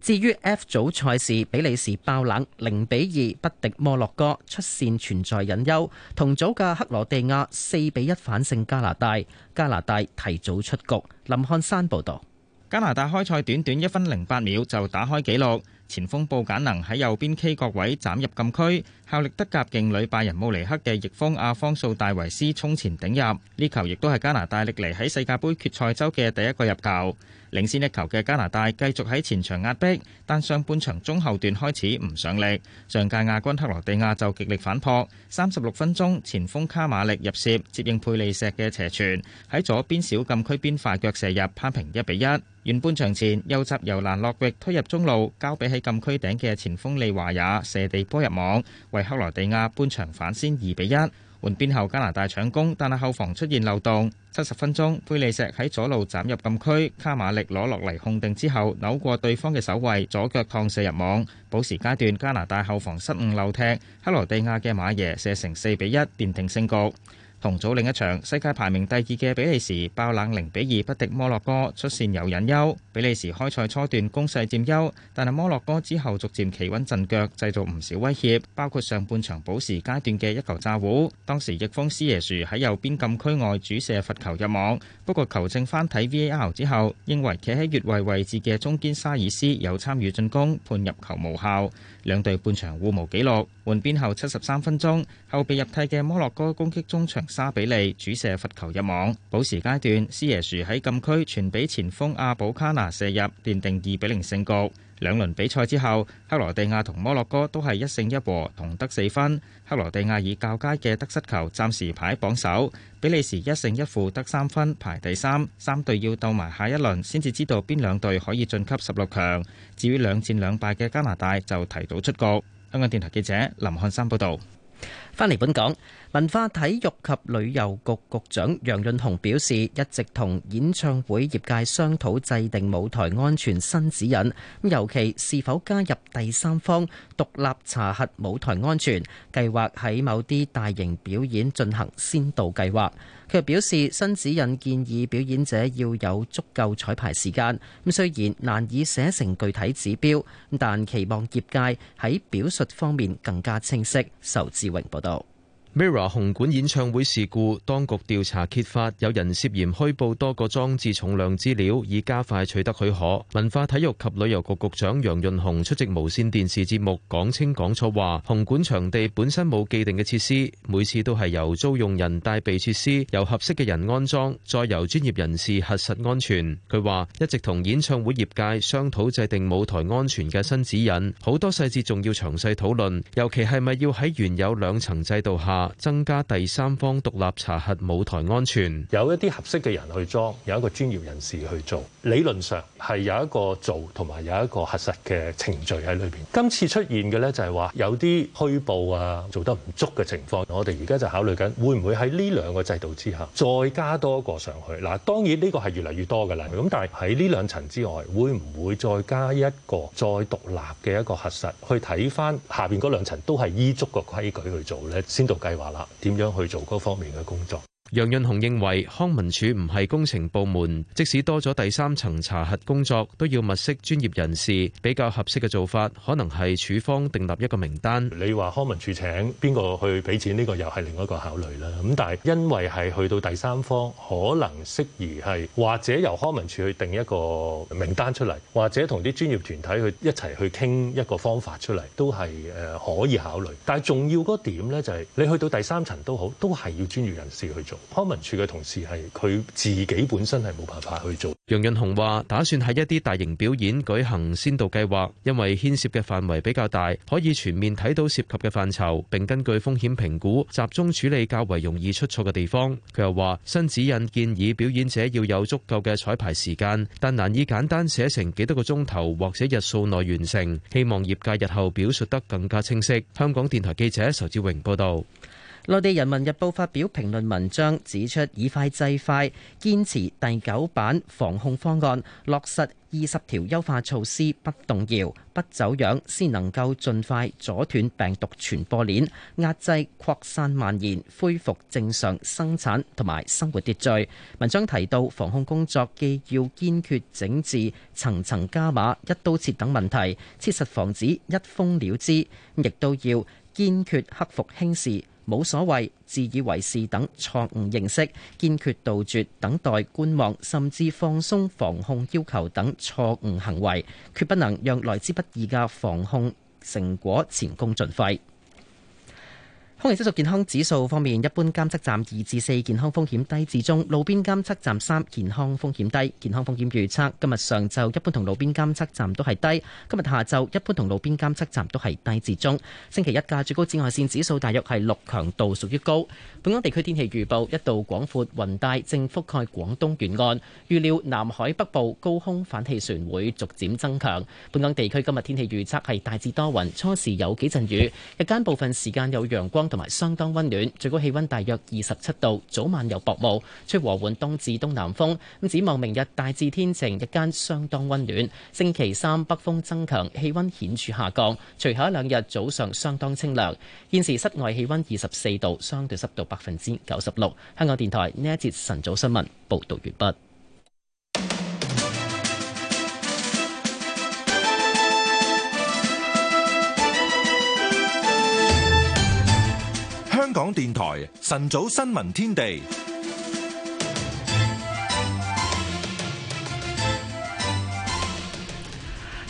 至於 F 組賽事，比利時爆冷零比二不敵摩洛哥，出線存在隱憂。同組嘅克羅地亞四比一反勝加拿大，加拿大提早出局。林漢山報導。加拿大開賽短短一分零八秒就打開紀錄，前鋒布簡能喺右邊 K 角位斬入禁區，效力德甲勁旅拜仁慕尼克嘅翼鋒阿方素戴維斯衝前頂入，呢球亦都係加拿大歷嚟喺世界盃決賽周嘅第一個入球。領先一球嘅加拿大繼續喺前場壓迫，但上半場中後段開始唔上力。上屆亞軍克羅地亞就極力反撲，三十六分鐘前鋒卡馬力入楔接應佩利石嘅斜傳，喺左邊小禁區邊快腳射入，攀平一比一。完半場前右閘尤蘭洛域推入中路，交俾喺禁區頂嘅前鋒利華也射地波入網，為克羅地亞半場反先二比一。換邊後加拿大搶攻，但係後防出現漏洞。七十分鐘，佩利石喺左路斬入禁區，卡馬力攞落嚟控定之後，扭過對方嘅守衛，左腳抗射入網。補時階段，加拿大後防失誤漏踢，克羅地亞嘅馬耶射成四比一，奠定勝局。同組另一場，世界排名第二嘅比利時爆冷零比二不敵摩洛哥，出線有隱憂。比利時開賽初段攻勢佔優，但係摩洛哥之後逐漸企穩陣腳，製造唔少威脅，包括上半場補時階段嘅一球詐糊。當時易風師爺樹喺右邊禁區外主射罰球入網，不過球證翻睇 VAR 之後，認為企喺越位位置嘅中堅沙爾斯有參與進攻，判入球無效。兩隊半場互無記錄，換邊後七十三分鐘，後備入替嘅摩洛哥攻擊中場沙比利主射罰球入網，補時階段，司耶樹喺禁區傳俾前鋒阿寶卡拿射入，奠定二比零勝局。兩輪比賽之後，克羅地亞同摩洛哥都係一勝一和，同得四分。克羅地亞以較佳嘅得失球，暫時排榜首。比利時一勝一負得三分，排第三。三隊要鬥埋下一輪，先至知道邊兩隊可以晉級十六強。至於兩戰兩敗嘅加拿大，就提早出局。香港電台記者林漢山報導。翻嚟本港。文化體育及旅遊局局長楊潤雄表示，一直同演唱會業界商討制定舞台安全新指引。咁，尤其是否加入第三方獨立查核舞台安全計劃，喺某啲大型表演進行先導計劃。佢又表示，新指引建議表演者要有足夠彩排時間。咁雖然難以寫成具體指標，但期望業界喺表述方面更加清晰。仇志榮報道。Mira 紅館演唱會事故，當局調查揭發有人涉嫌虛報多個裝置重量資料，以加快取得許可。文化體育及旅遊局局長楊潤雄出席無綫電視節目，講清講楚話，紅館場地本身冇既定嘅設施，每次都係由租用人帶備設施，由合適嘅人安裝，再由專業人士核實安全。佢話一直同演唱會業界商討制定舞台安全嘅新指引，好多細節仲要詳細討論，尤其係咪要喺原有兩層制度下。增加第三方獨立查核舞台安全，有一啲合適嘅人去裝，有一個專業人士去做。理論上係有一個做，同埋有一個核實嘅程序喺裏邊。今次出現嘅咧，就係話有啲虛報啊，做得唔足嘅情況，我哋而家就考慮緊會唔會喺呢兩個制度之下再加多一個上去嗱。當然呢個係越嚟越多噶啦。咁但係喺呢兩層之外，會唔會再加一個再獨立嘅一個核實去睇翻下邊嗰兩層都係依足個規矩去做咧，先到計劃啦，點樣去做各方面嘅工作？楊潤雄認為康文署唔係工程部門，即使多咗第三層查核工作，都要物色專業人士比較合適嘅做法。可能係署方訂立一個名單。你話康文署請邊個去俾錢呢？個又係另一個考慮啦。咁但係因為係去到第三方，可能適宜係或者由康文署去定一個名單出嚟，或者同啲專業團體去一齊去傾一個方法出嚟，都係誒可以考慮。但係重要嗰點呢，就係你去到第三層都好，都係要專業人士去做。康文署嘅同事係佢自己本身係冇辦法去做。楊潤雄話：打算喺一啲大型表演舉行先導計劃，因為牽涉嘅範圍比較大，可以全面睇到涉及嘅範疇，並根據風險評估集中處理較為容易出錯嘅地方。佢又話：新指引建議表演者要有足夠嘅彩排時間，但難以簡單寫成幾多個鐘頭或者日數內完成，希望業界日後表述得更加清晰。香港電台記者仇志榮報導。內地人民日報發表評論文章，指出以快制快，堅持第九版防控方案，落實二十條優化措施，不動搖、不走樣，先能夠盡快阻斷病毒傳播鏈，壓制擴散蔓延，恢復正常生產同埋生活秩序。文章提到，防控工作既要堅決整治層層加碼、一刀切等問題，切實防止一封了之；咁亦都要堅決克服輕視。冇所謂、自以為是等錯誤認識，堅決杜絕等待觀望，甚至放鬆防控要求等錯誤行為，決不能讓來之不易嘅防控成果前功盡廢。空氣質素健康指數方面，一般監測站二至四，健康風險低至中；路邊監測站三，健康風險低。健康風險預測今日上晝一般同路邊監測站都係低，今日下晝一般同路邊監測站都係低至中。星期一嘅最高紫外線指數大約係六，強度屬於高。本港地區天氣預報：一道廣闊雲帶正覆蓋廣東沿岸，預料南海北部高空反氣旋會逐漸增強。本港地區今日天，天氣預測係大致多雲，初時有幾陣雨，日間部分時間有陽光。同埋相當温暖，最高氣温大約二十七度，早晚有薄霧，吹和緩東至東南風。咁展望明日大致天晴，日間相當温暖。星期三北風增強，氣温顯著下降，隨後一兩日早上相當清涼。現時室外氣温二十四度，相對濕度百分之九十六。香港電台呢一節晨早新聞報導完畢。電台晨早新聞天地，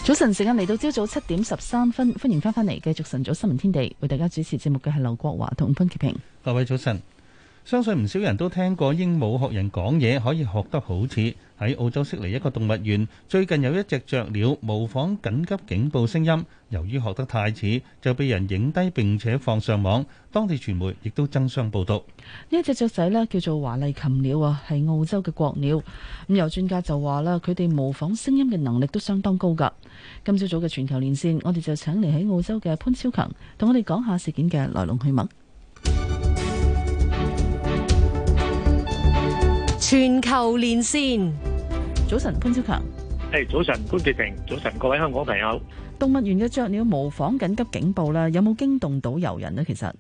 早晨時間嚟到朝早七點十三分，歡迎翻返嚟，繼續晨早新聞天地，為大家主持節目嘅係劉國華同潘潔平。各位早晨。相信唔少人都聽過鸚鵡學人講嘢可以學得好似。喺澳洲悉尼一個動物園，最近有一隻雀鳥模仿緊急警報聲音，由於學得太似，就被人影低並且放上網，當地傳媒亦都爭相報導。呢隻雀仔呢叫做華麗琴鳥啊，係澳洲嘅國鳥。咁有專家就話啦，佢哋模仿聲音嘅能力都相當高㗎。今朝早嘅全球連線，我哋就請嚟喺澳洲嘅潘超勤同我哋講下事件嘅來龍去脈。全球連線，早晨潘超強。係、hey, 早晨潘潔平，早晨各位香港朋友。動物園嘅雀鳥模仿緊急警報啦，有冇驚動到遊人呢？其實。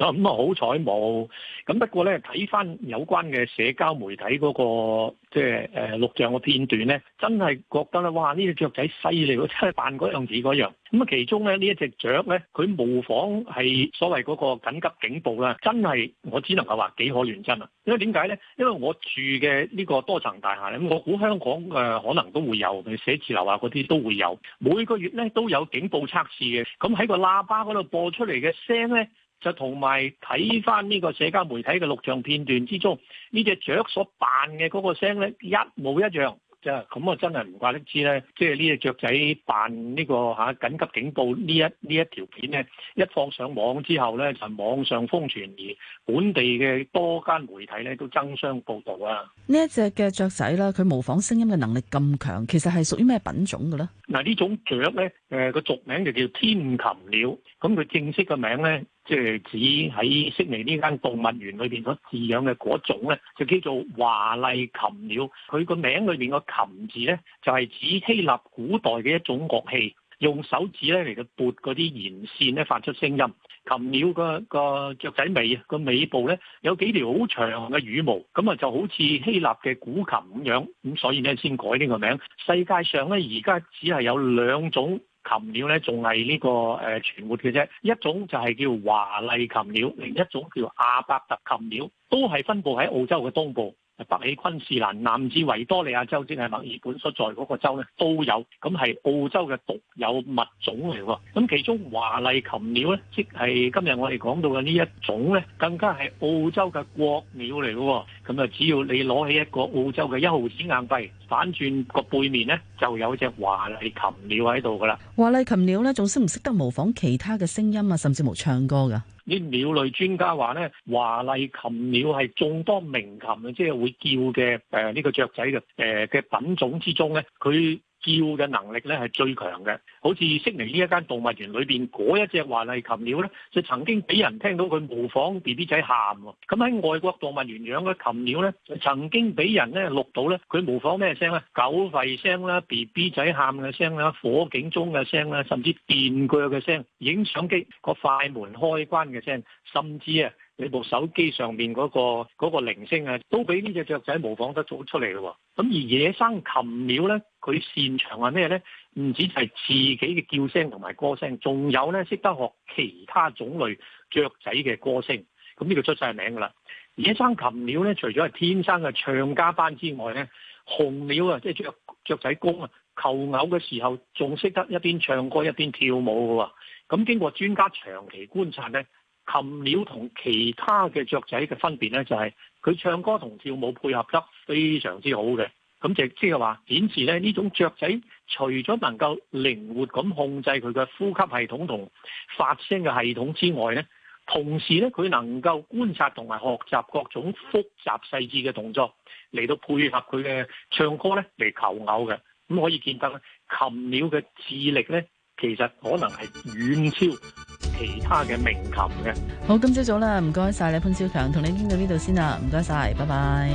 咁啊，好彩冇。咁不過咧，睇翻有關嘅社交媒體嗰個即係誒錄像嘅片段咧，真係覺得咧，哇！呢隻雀仔犀利喎，真係扮嗰樣似嗰樣。咁啊，其中咧呢一隻雀咧，佢模仿係所謂嗰個緊急警報啦，真係我只能夠話幾可亂真啊！因為點解咧？因為我住嘅呢個多層大廈咧，我估香港誒可能都會有，譬如寫字樓啊嗰啲都會有。每個月咧都有警報測試嘅，咁喺個喇叭嗰度播出嚟嘅聲咧。就同埋睇翻呢個社交媒體嘅錄像片段之中，呢隻雀所扮嘅嗰個聲咧一模一樣，樣我不不就咁啊真係唔怪得之咧，即係呢隻雀仔扮呢、呢個嚇、啊、緊急警報呢一呢一條片咧，一放上網之後咧，就係網上瘋傳而本地嘅多間媒體咧都爭相報導啊！呢一隻嘅雀仔咧，佢模仿聲音嘅能力咁強，其實係屬於咩品種嘅咧？嗱、啊、呢種雀咧，誒個俗名就叫天琴鳥，咁佢正式嘅名咧。即係指喺悉尼呢間動物園裏邊所飼養嘅嗰種咧，就叫做華麗琴鳥。佢個名裏邊個琴字咧，就係指希臘古代嘅一種樂器，用手指咧嚟到撥嗰啲弦線咧發出聲音。琴鳥個個雀仔尾個尾部咧有幾條好長嘅羽毛，咁啊就好似希臘嘅古琴咁樣，咁所以咧先改呢個名。世界上咧而家只係有兩種。禽鳥咧仲係呢個誒存活嘅啫，一種就係叫華麗禽鳥，另一種叫阿伯特禽鳥，都係分布喺澳洲嘅東部。白起昆士蘭南至維多利亞州，即係墨爾本所在嗰個州咧，都有。咁係澳洲嘅獨有物種嚟喎。咁其中華麗琴鳥咧，即係今日我哋講到嘅呢一種咧，更加係澳洲嘅國鳥嚟嘅。咁啊，只要你攞起一個澳洲嘅一毫子硬幣，反轉個背面咧，就有隻華麗琴鳥喺度噶啦。華麗琴鳥咧，仲識唔識得模仿其他嘅聲音啊？甚至冇唱歌噶？啲鳥類專家話咧，華麗琴鳥係眾多鳴禽，即係會叫嘅誒呢個雀仔嘅誒嘅品種之中咧，佢叫嘅能力咧係最強嘅，好似悉尼呢一間動物園裏邊嗰一隻華麗琴鳥咧，就曾經俾人聽到佢模仿 B B 仔喊喎。咁喺外國動物園養嘅琴鳥咧，就曾經俾人咧錄到咧，佢模仿咩聲咧？狗吠聲啦、B B 仔喊嘅聲啦、火警鐘嘅聲啦，甚至電鋸嘅聲、影相機個快門開關嘅聲，甚至啊你部手機上邊嗰個嗰個鈴聲啊，都俾呢隻雀仔模仿得做出嚟嘅喎。咁而野生琴鳥咧～佢擅長係咩呢？唔止係自己嘅叫聲同埋歌聲，仲有呢識得學其他種類雀仔嘅歌聲。咁呢度出晒名噶啦！野生琴鳥呢，除咗係天生嘅唱家班之外呢，雄鳥啊，即係雀，雀仔公啊，求偶嘅時候仲識得一邊唱歌一邊跳舞嘅喎。咁經過專家長期觀察呢，琴鳥同其他嘅雀仔嘅分別呢，就係、是、佢唱歌同跳舞配合得非常之好嘅。咁就即係話顯示咧，呢種雀仔除咗能夠靈活咁控制佢嘅呼吸系統同發聲嘅系統之外咧，同時咧佢能夠觀察同埋學習各種複雜細緻嘅動作嚟到配合佢嘅唱歌咧嚟求偶嘅，咁、嗯、可以見得咧，琴鳥嘅智力咧其實可能係遠超其他嘅鳴禽嘅。好，今朝早啦，唔該晒你潘少強，同你傾到呢度先啦，唔該晒，拜拜。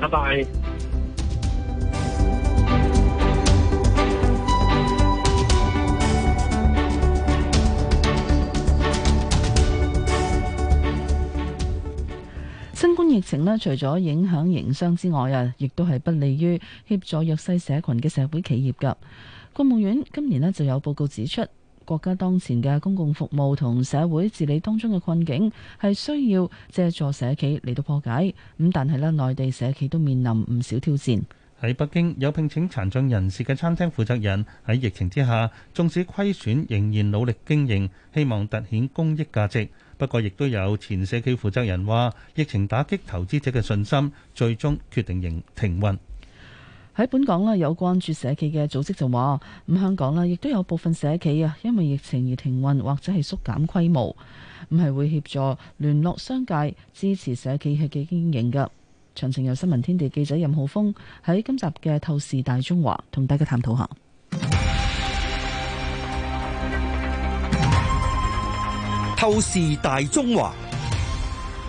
拜拜。疫情呢除咗影響營商之外啊，亦都係不利於協助弱勢社群嘅社會企業噶。國務院今年呢就有報告指出，國家當前嘅公共服務同社會治理當中嘅困境係需要借助社企嚟到破解。咁但係呢內地社企都面臨唔少挑戰。喺北京有聘請殘障人士嘅餐廳負責人喺疫情之下，縱使虧損仍然努力經營，希望凸顯公益價值。不過，亦都有前社企負責人話，疫情打擊投資者嘅信心，最終決定停停運。喺本港咧，有關注社企嘅組織就話，咁香港咧亦都有部分社企啊，因為疫情而停運或者係縮減規模，咁係會協助聯絡商界支持社企嘅經營噶。詳情由新聞天地記者任浩峰喺今集嘅透視大中華同大家探討下。透視大中華，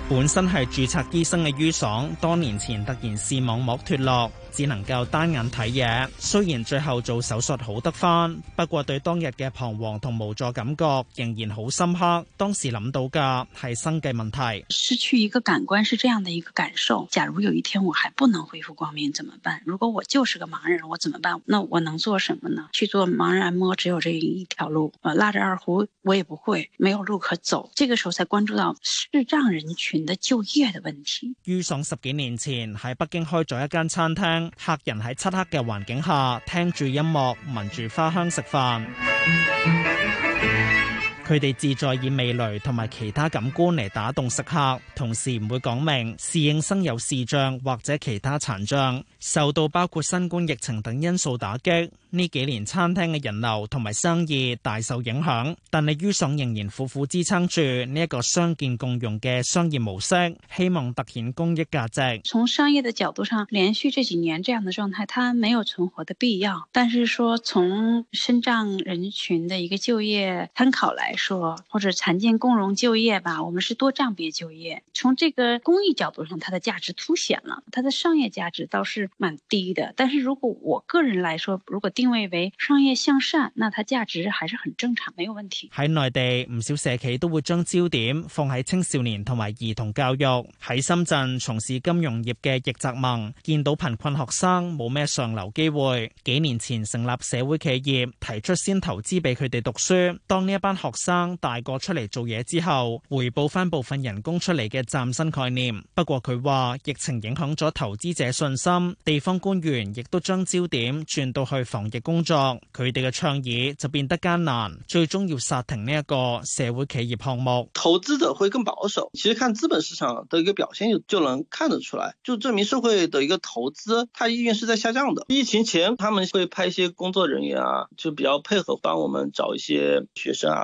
本身係註冊醫生嘅于爽，多年前突然視網膜脱落。只能夠單眼睇嘢，雖然最後做手術好得翻，不過對當日嘅彷徨同無助感覺仍然好深刻。當時諗到嘅係生計問題，失去一個感官是這樣的一個感受。假如有一天我還不能恢復光明，怎麼辦？如果我就是個盲人，我怎麼辦？那我能做什麼呢？去做盲人按摩只有這一條路。我拉着二胡我也不會，沒有路可走。這個時候才關注到視障人群的就業的問題。于爽十幾年前喺北京開咗一間餐廳。客人喺漆黑嘅環境下聽住音樂，聞住花香食飯。佢哋志在以味蕾同埋其他感官嚟打動食客，同時唔會講明侍應生有視障或者其他殘障。受到包括新冠疫情等因素打擊，呢幾年餐廳嘅人流同埋生意大受影響，但係于爽仍然苦苦支撐住呢一個雙建共用嘅商業模式，希望凸顯公益價值。從商業嘅角度上，連續這幾年這樣的狀態，它沒有存活的必要。但是說從身障人群嘅一個就業參考來。說或者殘健共融就業吧，我們是多賬別就業。從這個公益角度上，它的價值凸顯了，它的商業價值倒是蠻低的。但是如果我個人來說，如果定位為商業向善，那它價值還是很正常，沒有問題。喺內地唔少社企都會將焦點放喺青少年同埋兒童教育。喺深圳從事金融業嘅易澤盟見到貧困學生冇咩上流機會，幾年前成立社會企業，提出先投資俾佢哋讀書，當呢一班學生。生大個出嚟做嘢之後，回報翻部分人工出嚟嘅嶄新概念。不過佢話疫情影響咗投資者信心，地方官員亦都將焦點轉到去防疫工作，佢哋嘅倡議就變得艱難，最終要殺停呢一個社會企業項目。投資者會更保守，其實看資本市場的一個表現就能看得出來，就證明社會的一個投資，他意願是在下降的。疫情前他們會派一些工作人員啊，就比較配合幫我們找一些學生啊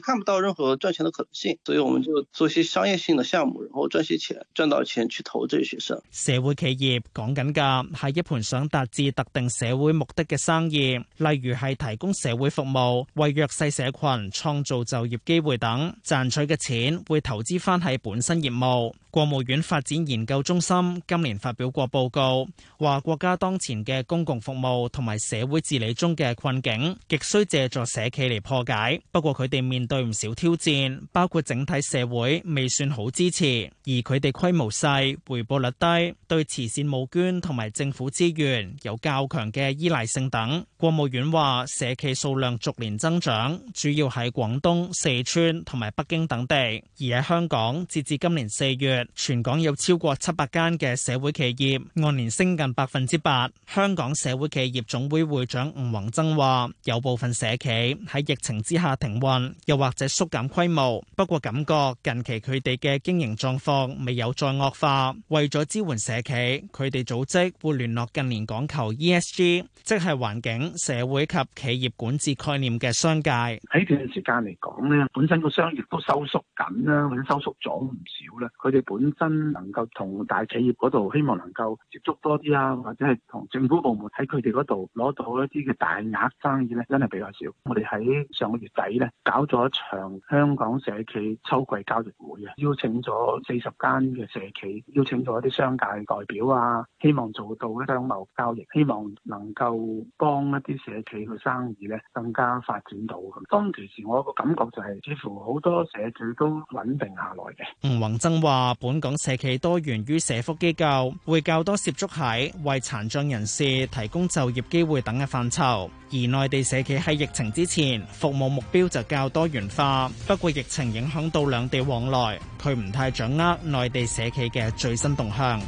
看不到任何賺錢的可能性，所以我們就做些商業性的項目，然後賺些錢，賺到錢去投這些社。社會企業講緊噶，係一盤想達至特定社會目的嘅生意，例如係提供社會服務、為弱勢社群創造就業機會等。賺取嘅錢會投資翻喺本身業務。國務院發展研究中心今年發表過報告，話國家當前嘅公共服務同埋社會治理中嘅困境，極需借助社企嚟破解。不過佢哋面對唔少挑戰，包括整體社會未算好支持，而佢哋規模細、回報率低、對慈善募捐同埋政府資源有較強嘅依賴性等。國務院話，社企數量逐年增長，主要喺廣東、四川同埋北京等地，而喺香港，截至今年四月，全港有超過七百間嘅社會企業，按年升近百分之八。香港社會企業總會會長吳宏增話：有部分社企喺疫情之下停運，又或者縮減規模，不過感覺近期佢哋嘅經營狀況未有再惡化。為咗支援社企，佢哋組織會聯絡近年講求 ESG，即係環境、社會及企業管治概念嘅商界。喺段時間嚟講呢，本身個商業都收縮緊啦，或者收縮咗唔少啦。佢哋本身能夠同大企業嗰度，希望能夠接觸多啲啊，或者係同政府部門喺佢哋嗰度攞到一啲嘅大額生意呢，真係比較少。我哋喺上個月底呢搞咗。嗰場香港社企秋季交易會啊，邀請咗四十間嘅社企，邀請咗一啲商界代表啊，希望做到一啲商貿交易，希望能夠幫一啲社企去生意咧更加發展到。咁當其時，我個感覺就係似乎好多社企都穩定下來嘅。吳宏增話本港社企多源於社福機構會較多涉足喺為殘障人士提供就業機會等嘅範疇，而內地社企喺疫情之前服務目標就較多。元化，不過疫情影響到兩地往來，佢唔太掌握內地社企嘅最新動向。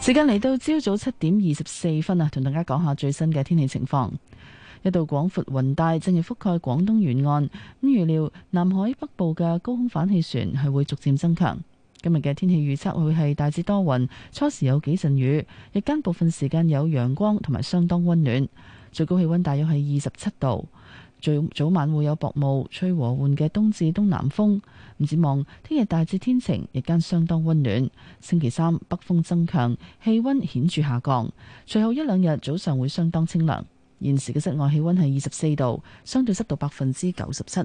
時間嚟到朝早七點二十四分啊，同大家講下最新嘅天氣情況。一度廣闊雲帶正係覆蓋廣東沿岸，咁預料南海北部嘅高空反氣旋係會逐漸增強。今日嘅天氣預測會係大致多雲，初時有幾陣雨，日間部分時間有陽光同埋相當溫暖，最高氣溫大約係二十七度。最早晚會有薄霧，吹和緩嘅東至東南風。唔展望聽日大致天晴，日間相當溫暖。星期三北風增強，氣溫顯著下降，隨後一兩日早上會相當清涼。現時嘅室外氣溫係二十四度，相對濕度百分之九十七。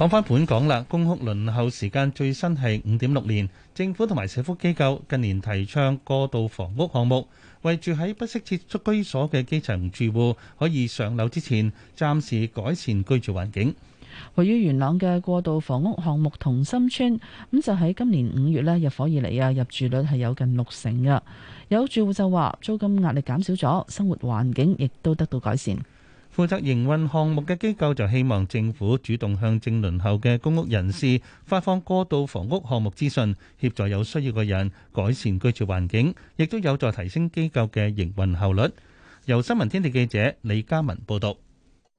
講返本港啦，公屋輪候時間最新係五點六年。政府同埋社福機構近年提倡過渡房屋項目，為住喺不適切居所嘅基層住戶可以上樓之前，暫時改善居住環境。位於元朗嘅過渡房屋項目同心村，咁就喺今年五月咧入伙以嚟啊，入住率係有近六成嘅。有住戶就話租金壓力減少咗，生活環境亦都得到改善。負責營運項目嘅機構就希望政府主動向正輪候嘅公屋人士發放過渡房屋項目資訊，協助有需要的人改善居住環境，亦都有助提升機構嘅營運效率。由新聞天地記者李嘉文報道。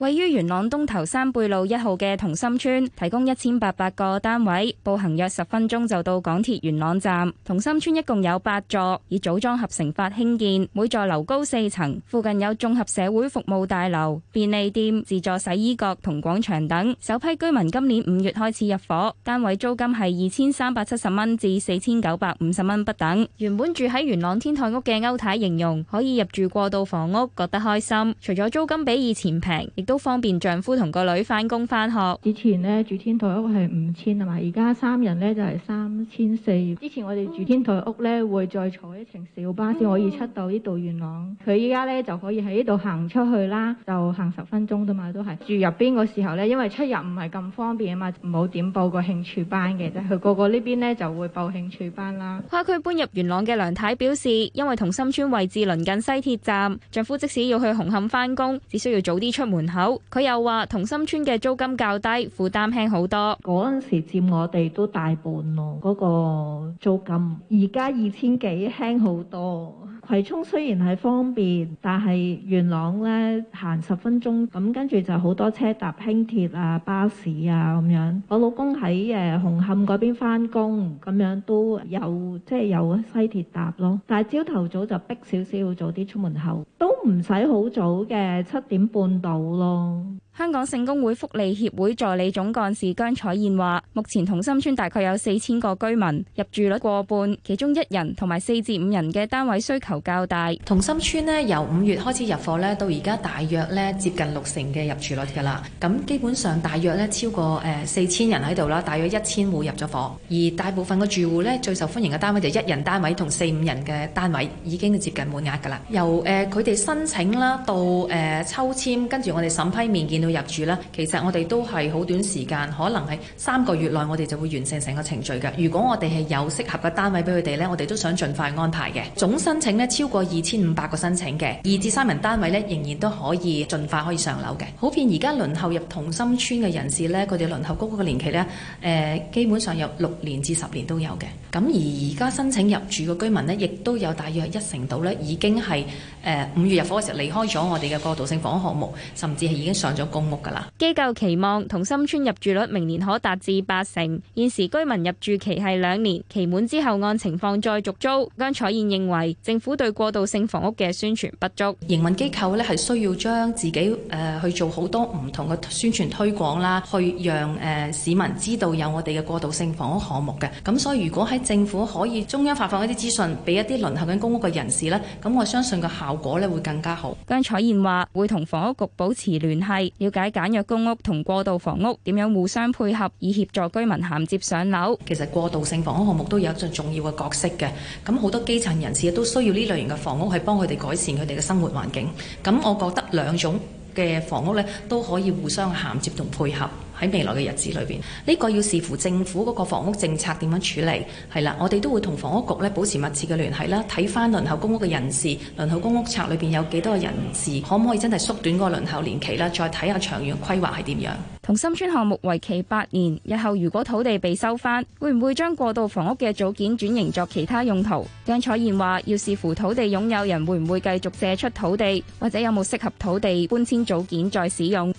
位於元朗東頭山貝路一號嘅同心村，提供一千八百個單位，步行約十分鐘就到港鐵元朗站。同心村一共有八座，以組裝合成法興建，每座樓高四層。附近有綜合社會服務大樓、便利店、自助洗衣閣同廣場等。首批居民今年五月開始入伙，單位租金係二千三百七十蚊至四千九百五十蚊不等。原本住喺元朗天台屋嘅歐太形容，可以入住過渡房屋，覺得開心。除咗租金比以前平，亦都方便丈夫同個女翻工翻學。之前咧住天台屋係五千啊嘛，而家三人咧就係三千四。之前我哋住天台屋咧會再坐一程小巴先、嗯、可以出到呢度元朗。佢依家咧就可以喺呢度行出去啦，就行十分鐘噶嘛，都係住入邊個時候咧，因為出入唔係咁方便啊嘛，唔好點報個興趣班嘅。但佢個個邊呢邊咧就會報興趣班啦。跨區搬入元朗嘅梁太表示，因為同心村位置鄰近西鐵站，丈夫即使要去紅磡翻工，只需要早啲出門。口佢又話：同心村嘅租金較低，負擔輕好多。嗰陣時佔我哋都大半咯，嗰個租金，而家二千幾，輕好多。葵涌雖然係方便，但係元朗咧行十分鐘，咁、嗯、跟住就好多車搭輕鐵啊、巴士啊咁樣。我老公喺誒紅磡嗰邊返工，咁樣都有即係有西鐵搭咯。但係朝頭早就逼少少，要早啲出門口，都唔使好早嘅，七點半到咯。香港聖公會福利協會助理總幹事姜彩燕話，目前同心村大概有四千個居民，入住率過半，其中一人同埋四至五人嘅單位需求較大。同心村咧由五月開始入伙咧，到而家大約咧接近六成嘅入住率噶啦。咁基本上大約咧超過誒四千人喺度啦，大約一千戶入咗伙，而大部分嘅住戶咧最受歡迎嘅單位就係一人單位同四五人嘅單位已經接近滿額噶啦。由誒佢哋申請啦到誒抽簽，跟住我哋審批面見到。入住呢，其實我哋都係好短時間，可能係三個月內，我哋就會完成成個程序嘅。如果我哋係有適合嘅單位俾佢哋呢，我哋都想盡快安排嘅。總申請呢，超過二千五百個申請嘅，二至三人單位呢，仍然都可以盡快可以上樓嘅。普遍而家輪候入同心村嘅人士呢，佢哋輪候嗰個年期呢，誒、呃、基本上有六年至十年都有嘅。咁而而家申請入住嘅居民呢，亦都有大約一成度呢已經係誒五月入伙嘅時候離開咗我哋嘅過渡性房屋項目，甚至係已經上咗公屋噶啦，機構期望同心村入住率明年可達至八成。現時居民入住期係兩年，期滿之後按情況再續租。姜彩燕認為政府對過渡性房屋嘅宣傳不足。營運機構咧係需要將自己誒去做好多唔同嘅宣傳推廣啦，去讓誒市民知道有我哋嘅過渡性房屋項目嘅。咁所以如果喺政府可以中央發放一啲資訊俾一啲輪候緊公屋嘅人士呢，咁我相信個效果咧會更加好。姜彩燕話會同房屋局保持聯繫，了解簡約公屋同過渡房屋點樣互相配合，以協助居民銜接上樓。其實過渡性房屋項目都有一種重要嘅角色嘅，咁好多基層人士都需要呢類型嘅房屋，去幫佢哋改善佢哋嘅生活環境。咁我覺得兩種嘅房屋咧都可以互相銜接同配合。喺未來嘅日子裏邊呢個要視乎政府嗰個房屋政策點樣處理。係啦，我哋都會同房屋局咧保持密切嘅聯繫啦，睇翻輪候公屋嘅人士，輪候公屋冊裏邊有幾多個人士，可唔可以真係縮短個輪候年期啦？再睇下長遠規劃係點樣。同心村項目為期八年，日後如果土地被收翻，會唔會將過渡房屋嘅組件轉型作其他用途？張彩燕話：要視乎土地擁有人會唔會繼續借出土地，或者有冇適合土地搬遷組件再使用。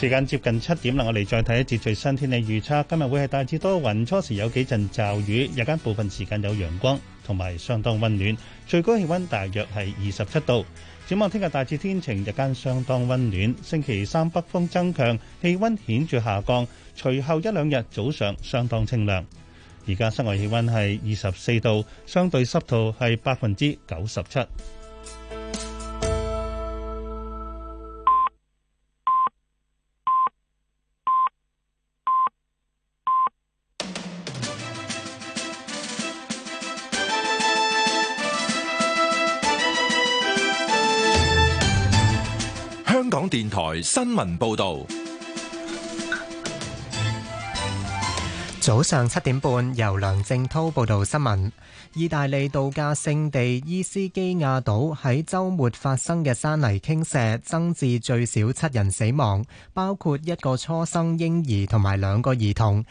時間接近七點啦，我哋再睇一節最新天氣預測。今日會係大致多雲，初時有幾陣驟雨，日間部分時間有陽光，同埋相當溫暖，最高氣溫大約係二十七度。展望聽日大致天晴，日間相當溫暖。星期三北風增強，氣溫顯著下降，隨後一兩日早上相當清涼。而家室外氣溫係二十四度，相對濕度係百分之九十七。香港電台新聞報道，早上七點半，由梁正濤報道新聞。意大利度假勝地伊斯基亞島喺周末發生嘅山泥傾瀉，增至最少七人死亡，包括一個初生嬰兒同埋兩個兒童。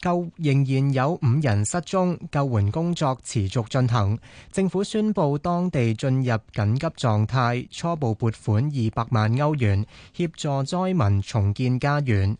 救仍然有五人失蹤，救援工作持續進行。政府宣佈當地進入緊急狀態，初步撥款二百萬歐元，協助災民重建家園。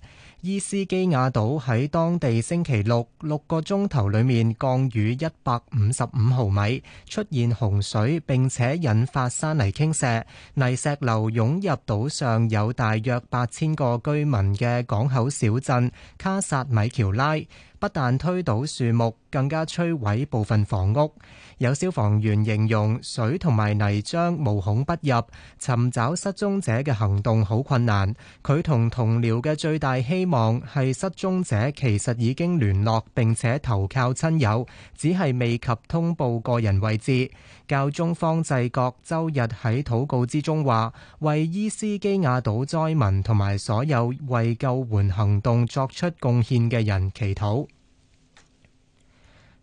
伊斯基亞島喺當地星期六六個鐘頭裏面降雨一百五十五毫米，出現洪水，並且引發山泥傾瀉，泥石流湧入島上有大約八千個居民嘅港口小鎮卡薩米喬拉。不但推倒樹木，更加摧毀部分房屋。有消防員形容水同埋泥漿無孔不入，尋找失蹤者嘅行動好困難。佢同同僚嘅最大希望係失蹤者其實已經聯絡並且投靠親友，只係未及通報個人位置。教宗方濟各周日喺禱告之中話，為伊斯基亞島災民同埋所有為救援行動作出貢獻嘅人祈禱。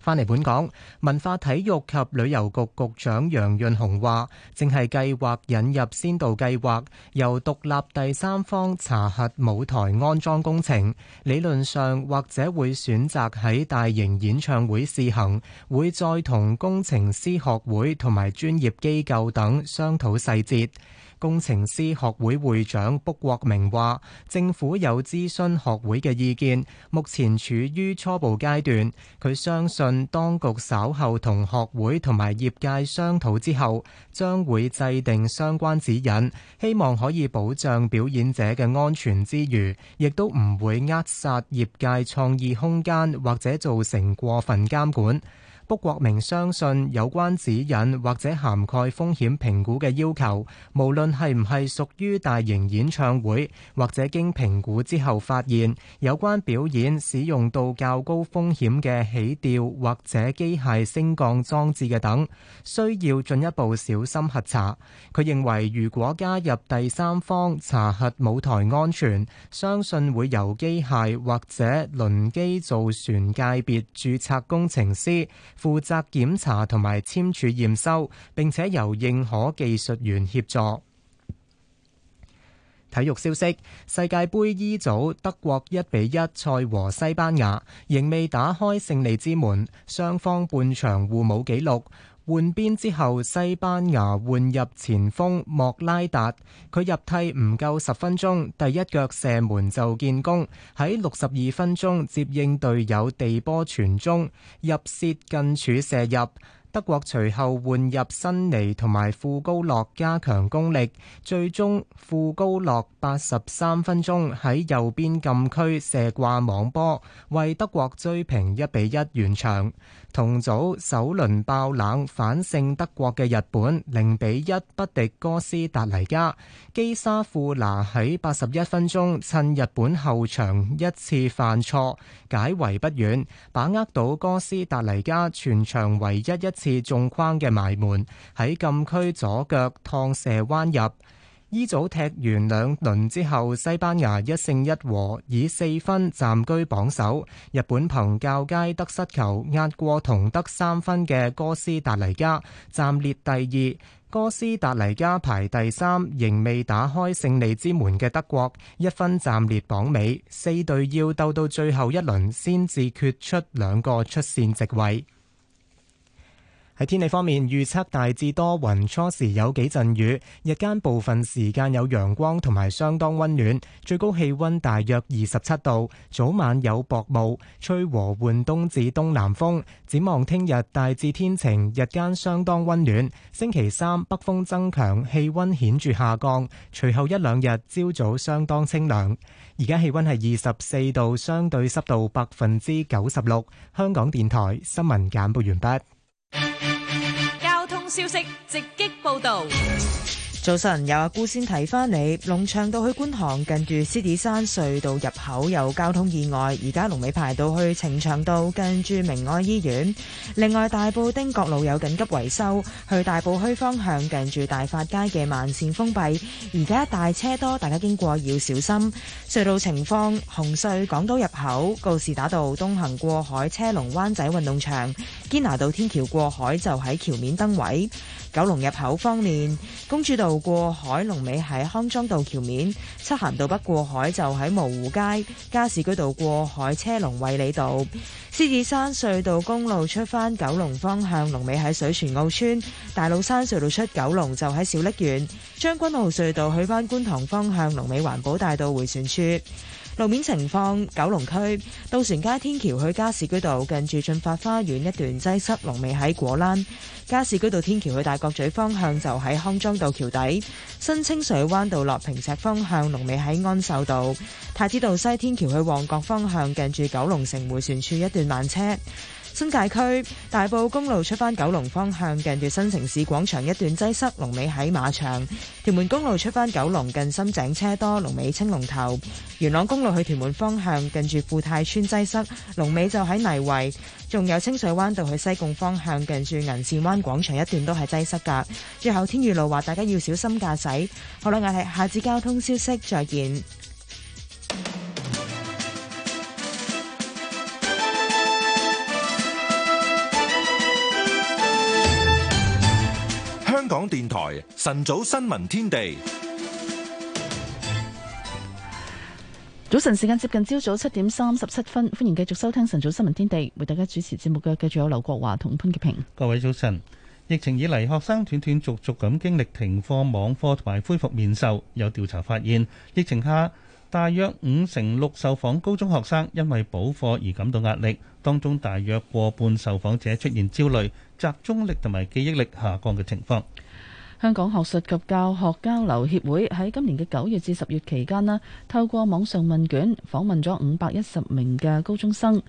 返嚟本港，文化體育及旅遊局局長楊潤雄話，正係計劃引入先導計劃，由獨立第三方查核舞台安裝工程。理論上，或者會選擇喺大型演唱會試行，會再同工程師學會同埋專業機構等商討細節。工程師學會會長卜國明話，政府有諮詢學會嘅意見，目前處於初步階段。佢相信當局稍後同學會同埋業界商討之後，將會制定相關指引，希望可以保障表演者嘅安全之餘，亦都唔會扼殺業界創意空間，或者造成過分監管。卜國明相信有關指引或者涵蓋風險評估嘅要求，無論係唔係屬於大型演唱會，或者經評估之後發現有關表演使用到較高風險嘅起吊或者機械升降裝置嘅等，需要進一步小心核查。佢認為，如果加入第三方查核舞台安全，相信會由機械或者輪機造船界別註冊工程師。負責檢查同埋簽署驗收，並且由認可技術員協助。體育消息：世界盃 E 組德國一比一賽和西班牙，仍未打開勝利之門，雙方半場互冇紀錄。換邊之後，西班牙換入前鋒莫拉達，佢入替唔夠十分鐘，第一腳射門就見功。喺六十二分鐘接應隊友地波傳中，入接近柱射入。德國隨後換入新尼同埋富高洛加強攻力，最終富高洛八十三分鐘喺右邊禁區射掛網波，為德國追平一比一完場。同組首輪爆冷反勝德國嘅日本，零比一不敵哥斯達黎加。基沙庫拿喺八十一分鐘趁日本後場一次犯錯解圍不遠，把握到哥斯達黎加全場唯一一次中框嘅埋門，喺禁區左腳趟射彎入。E 組踢完兩輪之後，西班牙一勝一和，以四分暫居榜首。日本憑較佳得失球壓過同得三分嘅哥斯達黎加，暫列第二。哥斯達黎加排第三，仍未打開勝利之門嘅德國一分暫列榜尾。四隊要鬥到最後一輪先至決出兩個出線席位。喺天氣方面，預測大致多雲，初時有幾陣雨，日間部分時間有陽光同埋相當溫暖，最高氣溫大約二十七度，早晚有薄霧，吹和緩東至東南風。展望聽日大致天晴，日間相當溫暖。星期三北風增強，氣溫顯著下降，隨後一兩日朝早相當清涼。而家氣溫係二十四度，相對濕度百分之九十六。香港電台新聞簡報完畢。消息直擊報導。早晨，有阿姑先睇翻你，龍翔道去觀塘近住獅子山隧道入口有交通意外，而家龍尾排到去呈祥道近住明愛醫院。另外，大埔丁角路有緊急維修，去大埔墟方向近住大發街嘅慢線封閉，而家大車多，大家經過要小心。隧道情況，紅隧港島入口告士打道東行過海車龍灣仔運動場，堅拿道天橋過海就喺橋面燈位。九龍入口方面，公主道過海龍尾喺康莊道橋面；漆咸道北過海就喺蕪湖街；加士居道過海車龍，衛理道；獅子山隧道公路出返九龍方向，龍尾喺水泉澳村；大老山隧道出九龍就喺小瀝源；將軍澳隧道去翻觀塘方向，龍尾環保大道回旋處。路面情況，九龍區渡船街天橋去加士居道近住進發花園一段擠塞，龍尾喺果欄；加士居道天橋去大角咀方向就喺康莊道橋底；新清水灣道落坪石方向龍尾喺安秀道；太子道西天橋去旺角方向近住九龍城迴旋處一段慢車。新界區大埔公路出返九龍方向，近住新城市廣場一段擠塞，龍尾喺馬場；屯門公路出返九龍近深井車多，龍尾青龍頭；元朗公路去屯門方向，近住富泰村擠塞，龍尾就喺泥圍；仲有清水灣道去西貢方向，近住銀線灣廣場一段都係擠塞噶。最後天雨路話大家要小心駕駛。好啦，我哋下次交通消息再見。港電台晨早新聞天地，早晨時間接近朝早七點三十七分，歡迎繼續收聽晨早新聞天地。為大家主持節目嘅，繼續有劉國華同潘潔平。各位早晨，疫情以嚟，學生斷斷續續咁經歷停課、網課同埋恢復面授。有調查發現，疫情下大約五成六受訪高中學生因為補課而感到壓力，當中大約過半受訪者出現焦慮、集中力同埋記憶力下降嘅情況。香港學術及教學交流協會喺今年嘅九月至十月期間啦，透過網上問卷訪問咗五百一十名嘅高中生。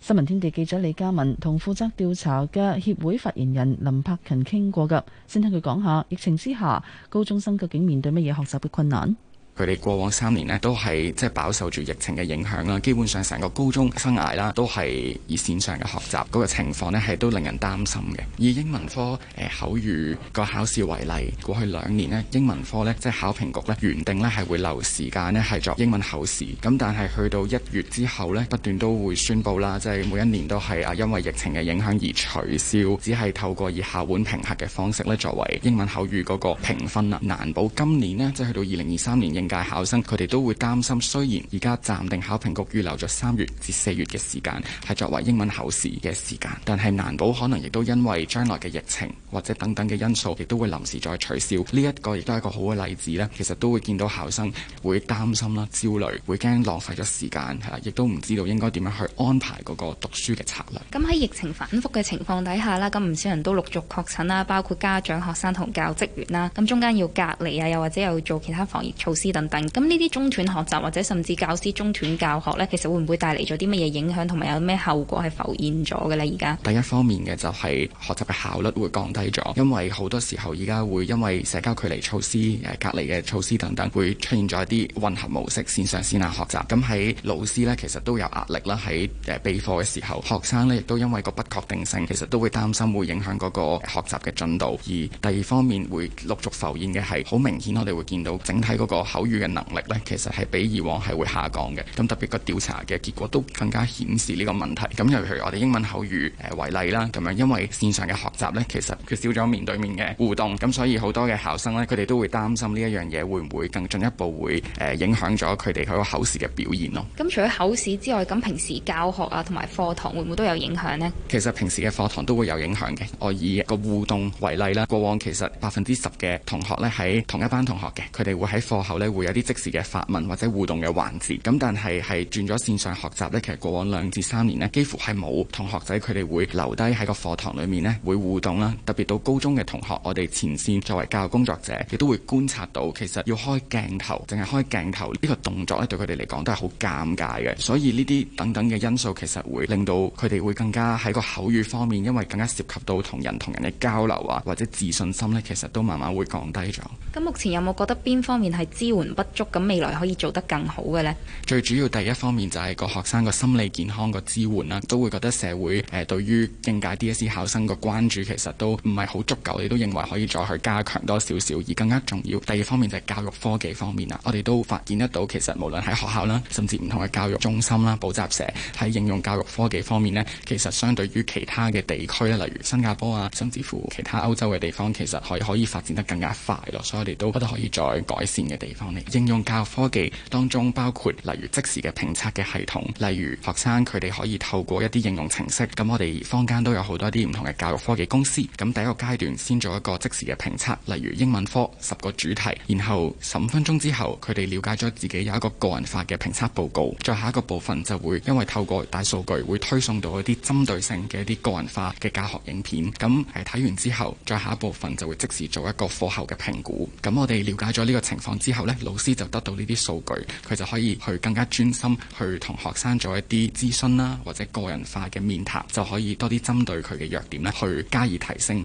新聞天地記者李家文同負責調查嘅協會發言人林柏勤傾過噶，先聽佢講下疫情之下，高中生究竟面對乜嘢學習嘅困難？佢哋過往三年呢，都係即係飽受住疫情嘅影響啦，基本上成個高中生涯啦，都係以線上嘅學習嗰、那個情況呢，係都令人擔心嘅。以英文科誒、呃、口語個考試為例，過去兩年呢，英文科呢，即係考評局呢，原定呢係會留時間呢，係作英文考試，咁但係去到一月之後呢，不斷都會宣布啦，即係每一年都係啊，因為疫情嘅影響而取消，只係透過以校本評核嘅方式呢作為英文口語嗰個評分啦，難保今年呢，即係去到二零二三年應屆考生佢哋都會擔心，雖然而家暫定考評局預留咗三月至四月嘅時間係作為英文考試嘅時間，但係難保可能亦都因為將來嘅疫情或者等等嘅因素，亦都會臨時再取消。呢一個亦都係一個好嘅例子呢，其實都會見到考生會擔心啦、焦慮，會驚浪費咗時間，係啦，亦都唔知道應該點樣去安排嗰個讀書嘅策略。咁喺疫情反復嘅情況底下啦，咁唔少人都陸續確診啦，包括家長、學生同教職員啦，咁中間要隔離啊，又或者又做其他防疫措施等等。咁呢啲中斷學習或者甚至教師中斷教學呢，其實會唔會帶嚟咗啲乜嘢影響同埋有咩後果係浮現咗嘅呢？而家第一方面嘅就係學習嘅效率會降低咗，因為好多時候而家會因為社交距離措施、誒、啊、隔離嘅措施等等，會出現咗一啲混合模式線上線下學習。咁喺老師呢，其實都有壓力啦。喺誒備課嘅時候，學生呢亦都因為個不確定性，其實都會擔心會影響嗰個學習嘅進度。而第二方面會陸續浮現嘅係好明顯，我哋會見到整體嗰個口嘅能力咧，其實係比以往係會下降嘅。咁特別個調查嘅結果都更加顯示呢個問題。咁尤其我哋英文口語誒為例啦，咁樣因為線上嘅學習呢，其實缺少咗面對面嘅互動，咁所以好多嘅考生呢，佢哋都會擔心呢一樣嘢會唔會更進一步會誒影響咗佢哋佢個口試嘅表現咯。咁除咗考試之外，咁平時教學啊同埋課堂會唔會都有影響呢？其實平時嘅課堂都會有影響嘅。我以個互動為例啦，過往其實百分之十嘅同學呢，喺同一班同學嘅，佢哋會喺課後咧。會有啲即時嘅發問或者互動嘅環節，咁但係係轉咗線上學習呢，其實過往兩至三年呢，幾乎係冇同學仔佢哋會留低喺個課堂裏面呢，會互動啦。特別到高中嘅同學，我哋前線作為教育工作者，亦都會觀察到，其實要開鏡頭，淨係開鏡頭呢個動作咧，對佢哋嚟講都係好尷尬嘅。所以呢啲等等嘅因素，其實會令到佢哋會更加喺個口語方面，因為更加涉及到同人同人嘅交流啊，或者自信心呢，其實都慢慢會降低咗。咁目前有冇覺得邊方面係支援不足咁，未來可以做得更好嘅呢。最主要第一方面就係個學生個心理健康個支援啦，都會覺得社會誒對於應屆 DSE 考生個關注其實都唔係好足夠，你都認為可以再去加強多少少。而更加重要第二方面就係教育科技方面啦，我哋都發展得到。其實無論喺學校啦，甚至唔同嘅教育中心啦、補習社喺應用教育科技方面呢，其實相對於其他嘅地區咧，例如新加坡啊、甚至乎其他歐洲嘅地方，其實係可，可以發展得更加快咯。所以我哋都覺得可以再改善嘅地方。應用教育科技當中包括，例如即時嘅評測嘅系統，例如學生佢哋可以透過一啲應用程式。咁我哋坊間都有好多啲唔同嘅教育科技公司。咁第一個階段先做一個即時嘅評測，例如英文科十個主題，然後十五分鐘之後，佢哋了解咗自己有一個個人化嘅評測報告。再下一個部分就會因為透過大數據會推送到一啲針對性嘅一啲個人化嘅教學影片。咁，係睇完之後，再下一部分就會即時做一個課後嘅評估。咁我哋了解咗呢個情況之後咧。老師就得到呢啲數據，佢就可以去更加專心去同學生做一啲諮詢啦，或者個人化嘅面談，就可以多啲針對佢嘅弱點呢，去加以提升。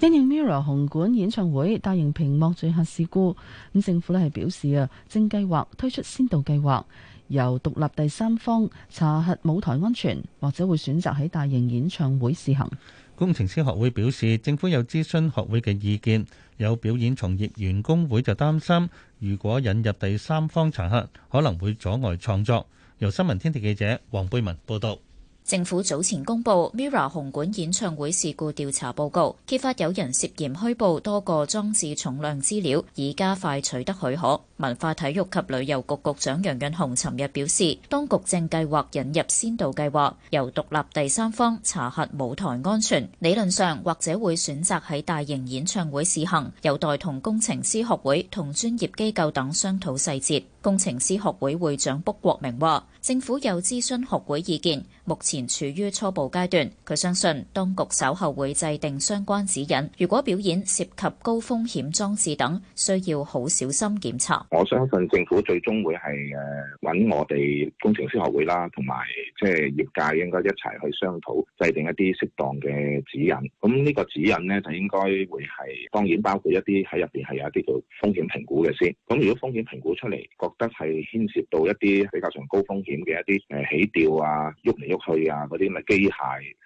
因應 Mirror 紅館演唱會大型屏幕墜下事故，咁政府咧係表示啊，正計劃推出先導計劃。由獨立第三方查核舞台安全，或者會選擇喺大型演唱會試行。工程師學會表示，政府有諮詢學會嘅意見，有表演從業員工會就擔心，如果引入第三方查核，可能會阻礙創作。由新聞天地記者黃貝文報道。政府早前公布 MIRROR 紅館演唱會事故調查報告，揭發有人涉嫌虛報多個裝置重量資料，以加快取得許可。文化體育及旅遊局局長楊潤雄尋日表示，當局正計劃引入先導計劃，由獨立第三方查核舞台安全，理論上或者會選擇喺大型演唱會試行，有待同工程師學會同專業機構等商討細節。工程師學會會長卜國明話，政府有諮詢學會意見，目前處於初步階段。佢相信當局稍後會制定相關指引。如果表演涉及高風險裝置等，需要好小心檢查。我相信政府最終會係誒搵我哋工程師學會啦，同埋即係業界應該一齊去商討，制定一啲適當嘅指引。咁呢個指引呢，就應該會係當然包括一啲喺入邊係有一啲叫風險評估嘅先。咁如果風險評估出嚟得係牽涉到一啲比較上高風險嘅一啲誒起吊啊、喐嚟喐去啊嗰啲咩機械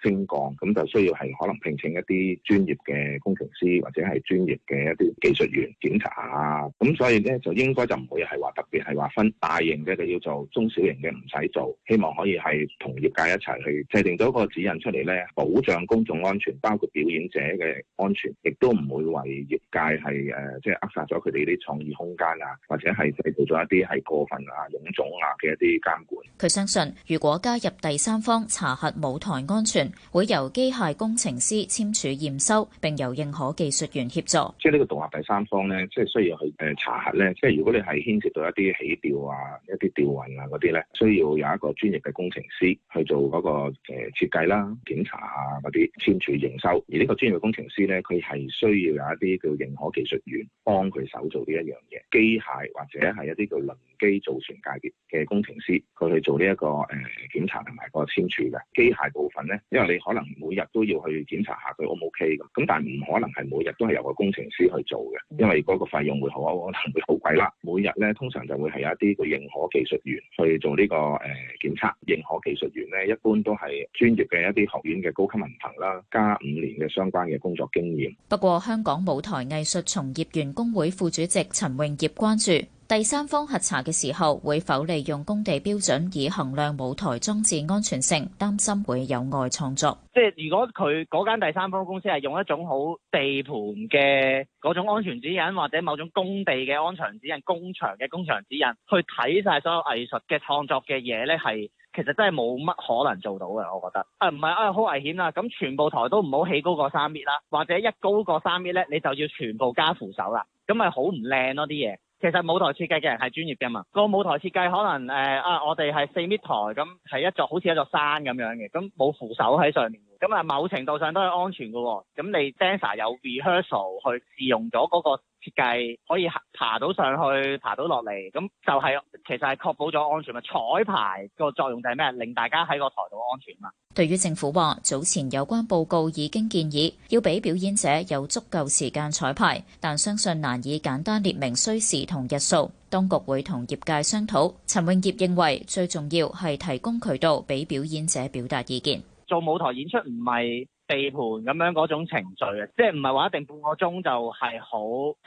升降，咁就需要係可能聘請一啲專業嘅工程師或者係專業嘅一啲技術員檢查下、啊。咁所以咧就應該就唔會係話特別係話分大型嘅就要做，中小型嘅唔使做。希望可以係同業界一齊去制定咗一個指引出嚟咧，保障公眾安全，包括表演者嘅安全，亦都唔會為業界係誒即係扼殺咗佢哋啲創意空間啊，或者係製造咗一啲。啲係過分啊，臃腫啊嘅一啲監管。佢相信，如果加入第三方查核舞台安全，會由機械工程師簽署驗收，並由認可技術員協助。即係呢個獨立第三方咧，即係需要去誒查核咧。即係如果你係牽涉到一啲起吊啊、一啲吊運啊嗰啲咧，需要有一個專業嘅工程師去做嗰個誒設計啦、檢查啊嗰啲簽署驗收。而呢個專業嘅工程師咧，佢係需要有一啲叫認可技術員幫佢手做呢一樣嘢。機械或者係一啲叫輪機造船界嘅工程師，佢去做呢一個誒檢查同埋個簽署嘅機械部分呢，因為你可能每日都要去檢查下佢 O 唔 O K 噶，咁但係唔可能係每日都係由個工程師去做嘅，因為嗰個費用會好，可能會好貴啦。每日呢，通常就會係有一啲佢認可技術員去做呢個誒檢測。認可技術員呢，一般都係專業嘅一啲學院嘅高級文憑啦，加五年嘅相關嘅工作經驗。不過，香港舞台藝術從業員工會副主席陳永業關注。第三方核查嘅時候會否利用工地標準以衡量舞台裝置安全性？擔心會有礙創作。即係如果佢嗰間第三方公司係用一種好地盤嘅嗰種安全指引，或者某種工地嘅安全指引，工場嘅工場指引去睇晒所有藝術嘅創作嘅嘢呢，係其實真係冇乜可能做到嘅。我覺得啊，唔係啊，好危險啊！咁全部台都唔好起高過三米啦，或者一高過三米呢，你就要全部加扶手啦。咁咪好唔靚咯啲嘢。其實舞台設計嘅人係專業嘅嘛，個舞台設計可能誒、呃、啊，我哋係四米台咁，係一座好似一座山咁樣嘅，咁冇扶手喺上面，咁啊某程度上都係安全嘅喎、哦，咁你 dancer 有 rehearsal 去試用咗嗰、那個。設計可以爬到上去，爬到落嚟，咁就係其實係確保咗安全嘛。彩排個作用就係咩？令大家喺個台度安全嘛。對於政府話，早前有關報告已經建議要俾表演者有足夠時間彩排，但相信難以簡單列明需時同日數。當局會同業界商討。陳永業認為最重要係提供渠道俾表演者表達意見。做舞台演出唔係。地盤咁樣嗰種程序啊，即係唔係話一定半個鐘就係好，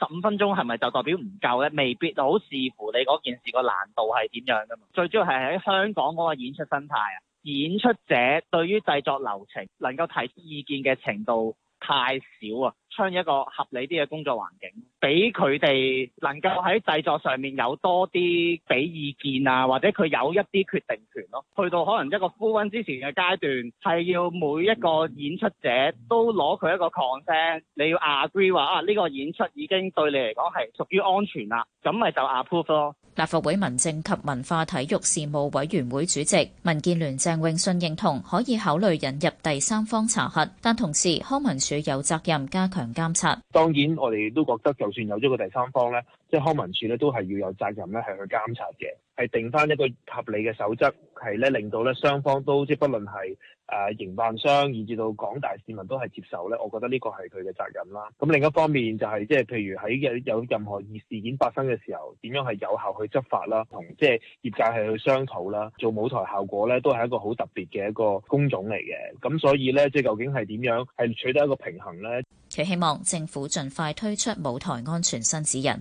十五分鐘係咪就代表唔夠呢？未必好視乎你嗰件事個難度係點樣㗎嘛。最主要係喺香港嗰個演出生態啊，演出者對於製作流程能夠提出意見嘅程度。太少啊！創一個合理啲嘅工作環境，俾佢哋能夠喺製作上面有多啲俾意見啊，或者佢有一啲決定權咯、啊。去到可能一個 full run 之前嘅階段，係要每一個演出者都攞佢一個 consent，你要 agree 話啊，呢、呢個演出已經對你嚟講係屬於安全啦，咁咪就 approve 咯。立法會民政及文化體育事務委員會主席，民建聯鄭永信認同可以考慮引入第三方查核，但同時康文署有責任加強監察。當然，我哋都覺得就算有咗個第三方咧，即係康文署咧都係要有責任咧係去監察嘅，係定翻一個合理嘅守則，係咧令到咧雙方都即不論係。誒營辦商，以至到廣大市民都係接受咧，我覺得呢個係佢嘅責任啦。咁另一方面就係，即係譬如喺有有任何事件發生嘅時候，點樣係有效去執法啦，同即係業界係去商討啦。做舞台效果咧，都係一個好特別嘅一個工種嚟嘅。咁所以咧，即係究竟係點樣係取得一個平衡咧？佢希望政府盡快推出舞台安全新指引。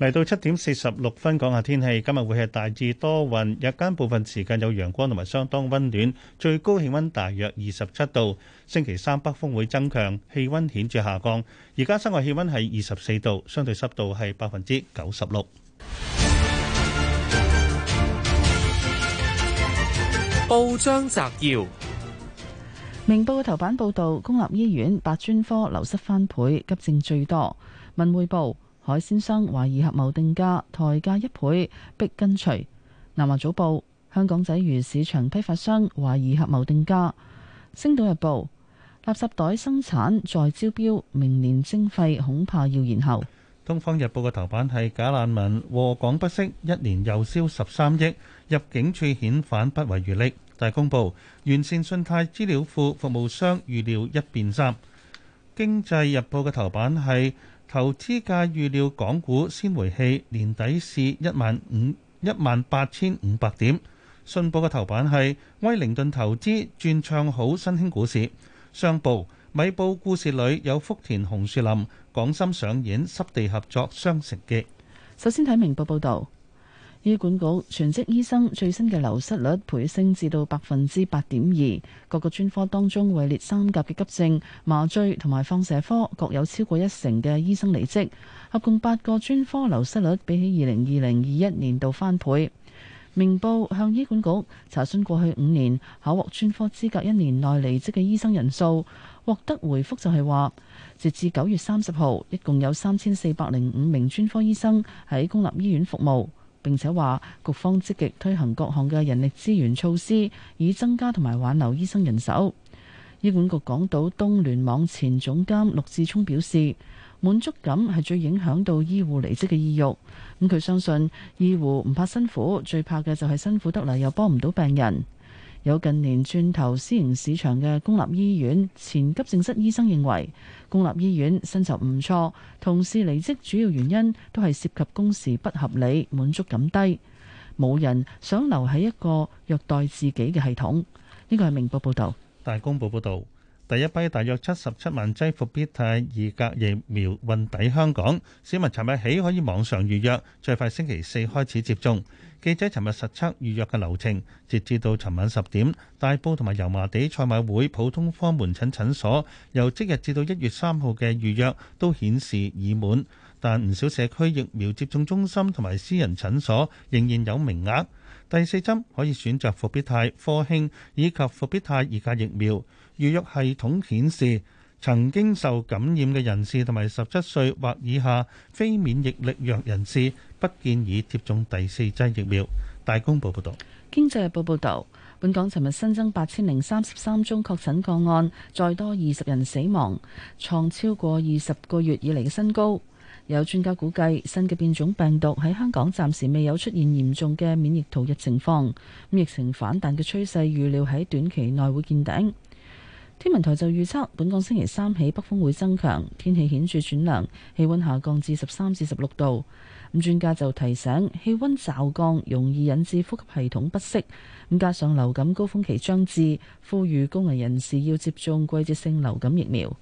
嚟到七點四十六分，講下天氣。今日會係大致多雲，日間部分時間有陽光同埋相當溫暖，最高氣溫大約二十七度。星期三北風會增強，氣溫顯著下降。而家室外氣溫係二十四度，相對濕度係百分之九十六。報章摘要：明報嘅頭版報導，公立醫院八專科流失翻倍，急症最多。文匯報。海鮮生懷疑合謀定價，抬價一倍，逼跟隨。南華早報：香港仔魚市場批發商懷疑合謀定價。星島日報：垃圾袋生產再招標，明年徵費恐怕要延後。東方日報嘅頭版係假難民禍港不息，一年又燒十三億。入境處遣返不遺餘力。大公報：完善信貸資料庫服務商預料一變三。經濟日報嘅頭版係。投資界預料港股先回氣，年底是一萬五、一萬八千五百點。信報嘅頭版係威靈頓投資轉唱好新興股市。上報米報故事裏有福田紅樹林、港深上演濕地合作雙城記。首先睇明報報導。醫管局全職醫生最新嘅流失率倍升至到百分之八點二，各個專科當中位列三甲嘅急症、麻醉同埋放射科各有超過一成嘅醫生離職，合共八個專科流失率比起二零二零二一年度翻倍。明報向醫管局查詢過去五年考獲專科資格一年內離職嘅醫生人數，獲得回覆就係話，截至九月三十號，一共有三千四百零五名專科醫生喺公立醫院服務。並且話，局方積極推行各項嘅人力資源措施，以增加同埋挽留醫生人手。醫管局港島東聯網前總監陸志聰表示，滿足感係最影響到醫護離職嘅意欲。咁佢相信，醫護唔怕辛苦，最怕嘅就係辛苦得嚟又幫唔到病人。有近年轉投私營市場嘅公立醫院前急症室醫生認為，公立醫院薪酬唔錯，同事離職主要原因都係涉及工時不合理、滿足感低，冇人想留喺一個虐待自己嘅系統。呢個係明報報導。大公報報導，第一批大約七十七萬劑復必泰二價疫苗運抵香港，市民尋日起可以網上預約，最快星期四開始接種。記者尋日實測預約嘅流程，截至到尋晚十點，大埔同埋油麻地賽馬會普通科門診診所由即日至到一月三號嘅預約都顯示已滿，但唔少社區疫苗接種中心同埋私人診所仍然有名額。第四針可以選擇復必泰、科興以及復必泰二價疫苗，預約系統顯示，曾經受感染嘅人士同埋十七歲或以下非免疫力弱人士，不建議接種第四劑疫苗。大公報報導，經濟日報報導，本港尋日新增八千零三十三宗確診個案，再多二十人死亡，創超過二十個月以來嘅新高。有專家估計，新嘅變種病毒喺香港暫時未有出現嚴重嘅免疫逃逸情況，疫情反彈嘅趨勢預料喺短期內會見頂。天文台就預測，本港星期三起北風會增強，天氣顯著轉涼，氣温下降至十三至十六度。咁專家就提醒，氣温驟降容易引致呼吸系統不適，咁加上流感高峰期將至，呼籲高危人士要接種季節性流感疫苗。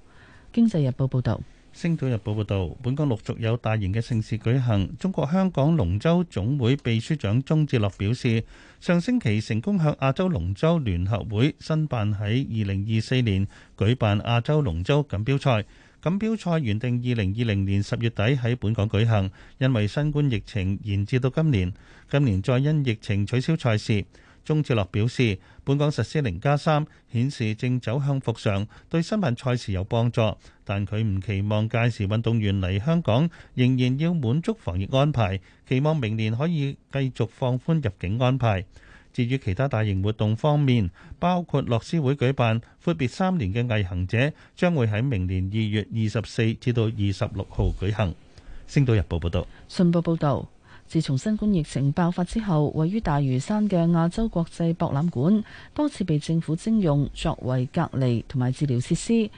經濟日報報導。星島日報報導，本港陸續有大型嘅盛事舉行。中國香港龍舟總會秘書長鍾志樂表示，上星期成功向亞洲龍舟聯合會申辦喺二零二四年舉辦亞洲龍舟錦標賽。錦標賽原定二零二零年十月底喺本港舉行，因為新冠疫情延至到今年，今年再因疫情取消賽事。鍾志樂表示，本港實施零加三顯示正走向復常，對新聞賽事有幫助，但佢唔期望屆時運動員嚟香港，仍然要滿足防疫安排。期望明年可以繼續放寬入境安排。至於其他大型活動方面，包括樂施會舉辦闊別三年嘅毅行者，將會喺明年二月二十四至到二十六號舉行。星島日報報道。信報報導。自從新冠疫情爆發之後，位於大嶼山嘅亞洲國際博覽館多次被政府徵用作為隔離同埋治療設施。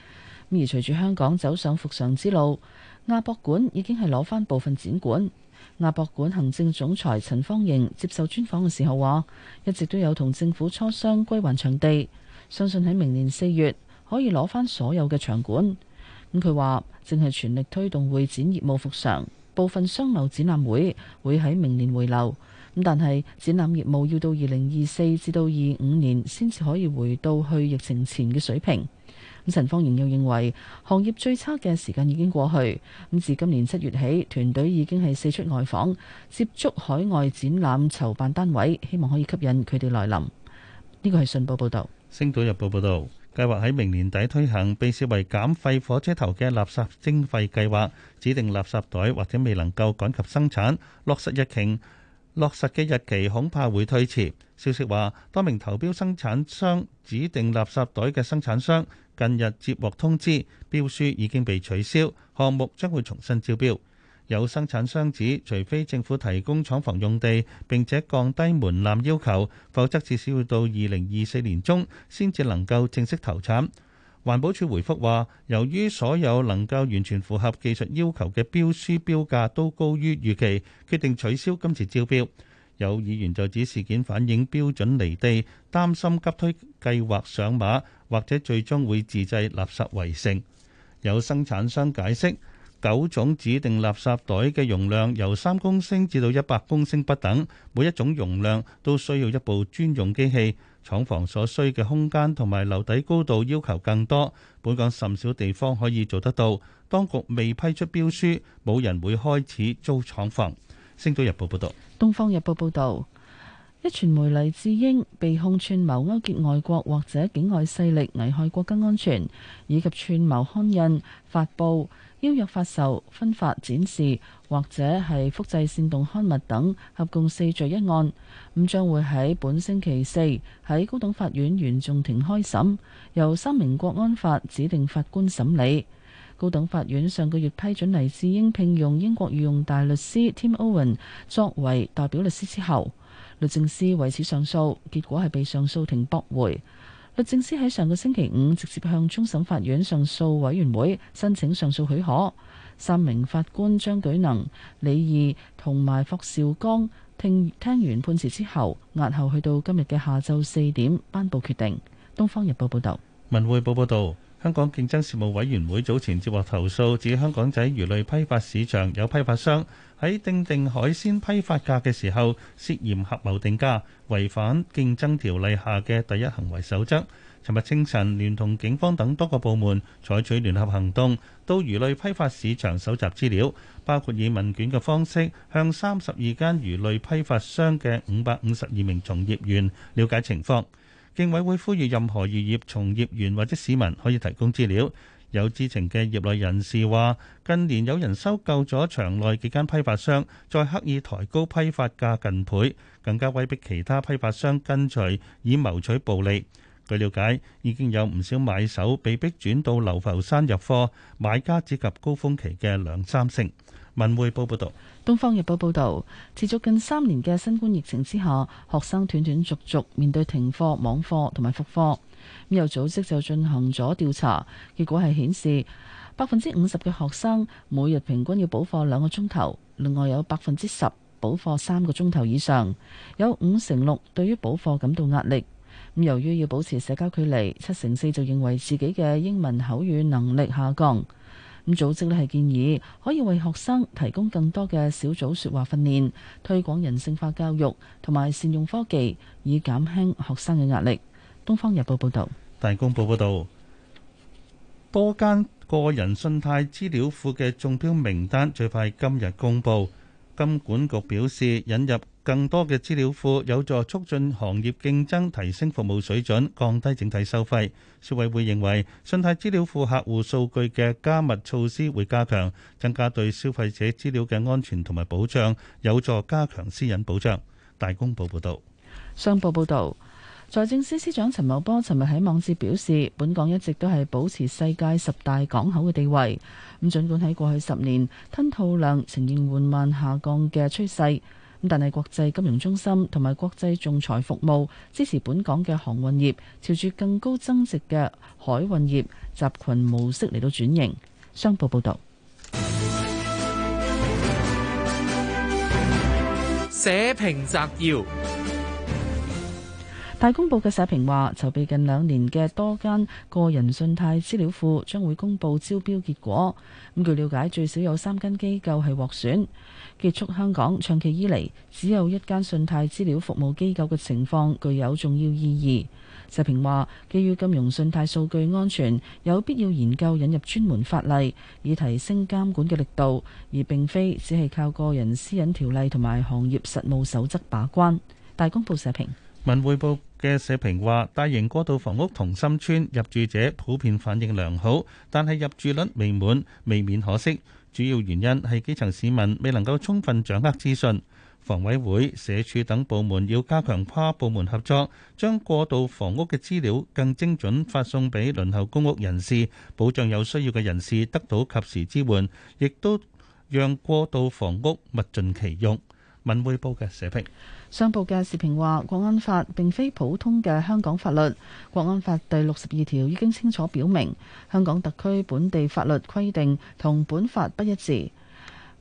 而隨住香港走上復常之路，亞博館已經係攞翻部分展館。亞博館行政總裁陳方瑩接受專訪嘅時候話，一直都有同政府磋商歸還場地，相信喺明年四月可以攞翻所有嘅場館。咁佢話正係全力推動會展業務復常。部分商貿展覽會會喺明年回流咁，但係展覽業務要到二零二四至到二五年先至可以回到去疫情前嘅水平。咁陳方榮又認為，行業最差嘅時間已經過去咁，自今年七月起，團隊已經係四出外訪，接觸海外展覽籌辦單位，希望可以吸引佢哋來臨。呢個係信報報道，《星島日報》報道。計劃喺明年底推行被視為減廢火車頭嘅垃圾徵費計劃，指定垃圾袋或者未能夠趕及生產，落實日期，落實嘅日期恐怕會推遲。消息話，多名投標生產商指定垃圾袋嘅生產商近日接獲通知，標書已經被取消，項目將會重新招標。有生產商指，除非政府提供廠房用地並且降低門檻要求，否則至少要到二零二四年中先至能夠正式投產。環保署回覆話，由於所有能夠完全符合技術要求嘅標書標價都高於預期，決定取消今次招標。有議員就指事件反映標準離地，擔心急推計劃上馬，或者最終會自製垃圾圍城。有生產商解釋。九種指定垃圾袋嘅容量由三公升至到一百公升不等，每一種容量都需要一部專用機器。廠房所需嘅空間同埋樓底高度要求更多，本港甚少地方可以做得到。當局未批出標書，冇人會開始租廠房。星島日報報道。東方日報報道，壹傳媒黎智英被控串謀勾結外國或者境外勢力危害國家安全，以及串謀刊印發布。邀約發售、分發、展示，或者係複製煽動刊物等，合共四罪一案，咁將會喺本星期四喺高等法院原訟庭開審，由三名國安法指定法官審理。高等法院上個月批准黎智英聘用英國御用大律師 Tim Owen 作為代表律師之後，律政司為此上訴，結果係被上訴庭駁回。律政司喺上個星期五直接向終審法院上訴委員會申請上訴許可，三名法官張舉能、李義同埋霍兆剛聽聽完判詞之後，押後去到今日嘅下晝四點頒佈決定。《東方日報》報道，《文匯報》報道，香港競爭事務委員會早前接獲投訴，指香港仔魚類批發市場有批發商。喺定定海鮮批發價嘅時候，涉嫌合謀定價，違反競爭條例下嘅第一行為守則。尋日清晨，聯同警方等多個部門採取聯合行動，到魚類批發市場搜集資料，包括以問卷嘅方式向三十二間魚類批發商嘅五百五十二名從業員了解情況。競委會呼籲任何漁業從業員或者市民可以提供資料。有知情嘅業內人士話：近年有人收購咗場內幾間批發商，再刻意抬高批發價近倍，更加威逼其他批發商跟隨以謀取暴利。據了解，已經有唔少買手被逼轉到流浮山入貨，買家只及高峰期嘅兩三成。文匯報報道，《東方日報》報道，持續近三年嘅新冠疫情之下，學生斷斷續續面對停課、網課同埋復課。咁有組織就進行咗調查，結果係顯示百分之五十嘅學生每日平均要補課兩個鐘頭，另外有百分之十補課三個鐘頭以上，有五成六對於補課感到壓力。咁由於要保持社交距離，七成四就認為自己嘅英文口語能力下降。咁組織呢係建議可以為學生提供更多嘅小組説話訓練，推廣人性化教育同埋善用科技，以減輕學生嘅壓力。東方日報報道，大公報報道，多間個人信貸資料庫嘅中標名單最快今日公布。金管局表示，引入更多嘅資料庫有助促進行業競爭，提升服務水準，降低整體收費。消委會認為，信貸資料庫客戶數據嘅加密措施會加強，增加對消費者資料嘅安全同埋保障，有助加強私隱保障。大公報報道，商報報道。財政司司長陳茂波尋日喺網誌表示，本港一直都係保持世界十大港口嘅地位。咁儘管喺過去十年吞吐量呈現緩慢下降嘅趨勢，咁但係國際金融中心同埋國際仲裁服務支持本港嘅航運業朝住更高增值嘅海運業集群模式嚟到轉型。商報報導。社評摘要。大公報嘅社評話，籌備近兩年嘅多間個人信貸資料庫將會公佈招標結果。咁據了解，最少有三間機構係獲選。結束香港長期以來只有一間信貸資料服務機構嘅情況，具有重要意義。社評話，基於金融信貸數據安全，有必要研究引入專門法例，以提升監管嘅力度，而並非只係靠個人私隱條例同埋行業實務守則把關。大公報社評。文匯報。嘅社評話，大型過渡房屋同心村入住者普遍反應良好，但係入住率未滿，未免可惜。主要原因係基層市民未能夠充分掌握資訊，房委會、社署等部門要加強跨部門合作，將過渡房屋嘅資料更精準發送俾輪候公屋人士，保障有需要嘅人士得到及時支援，亦都讓過渡房屋物盡其用。文匯報嘅社評。商報嘅視頻話：國安法並非普通嘅香港法律。國安法第六十二條已經清楚表明，香港特區本地法律規定同本法不一致，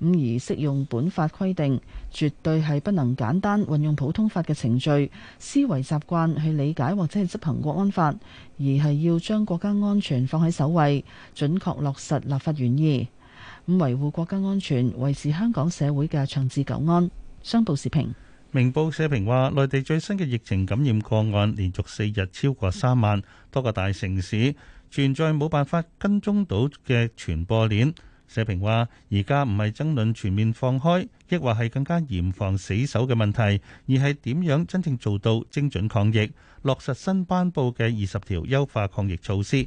咁而適用本法規定，絕對係不能簡單運用普通法嘅程序思維習慣去理解或者係執行國安法，而係要將國家安全放喺首位，準確落實立法原意，咁維護國家安全，維持香港社會嘅長治久安。商報視頻。明報社評話，內地最新嘅疫情感染個案連續四日超過三萬，多個大城市存在冇辦法跟蹤到嘅傳播鏈。社評話，而家唔係爭論全面放開，抑或係更加嚴防死守嘅問題，而係點樣真正做到精準抗疫，落實新頒布嘅二十條優化抗疫措施。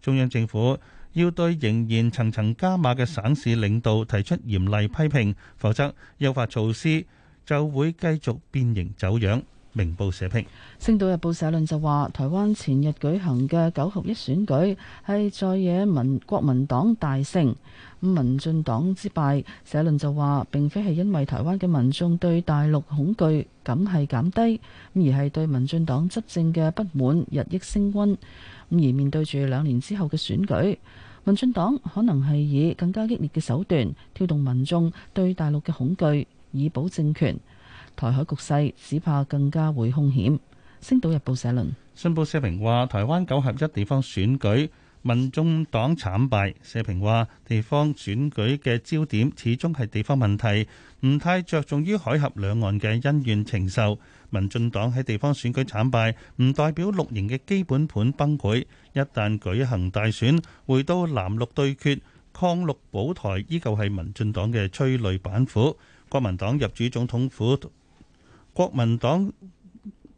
中央政府要對仍然層層加碼嘅省市領導提出嚴厲批評，否則優化措施就會繼續變形走樣。明報社評，《星島日報》社論就話：台灣前日舉行嘅九合一選舉係在野民國民黨大勝，民進黨之敗。社論就話：並非係因為台灣嘅民眾對大陸恐懼感係減低，而係對民進黨執政嘅不滿日益升溫，而面對住兩年之後嘅選舉，民進黨可能係以更加激烈嘅手段挑動民眾對大陸嘅恐懼。以保政權，台海局勢只怕更加會凶險。《星島日報》社論，信報社評話：台灣九合一地方選舉，民進黨慘敗。社評話，地方選舉嘅焦點始終係地方問題，唔太著重於海峽兩岸嘅恩怨情仇。民進黨喺地方選舉慘敗，唔代表綠營嘅基本盤崩潰。一旦舉行大選，回到藍綠對決，抗綠保台，依舊係民進黨嘅催淚板斧。國民黨入主總統府，國民黨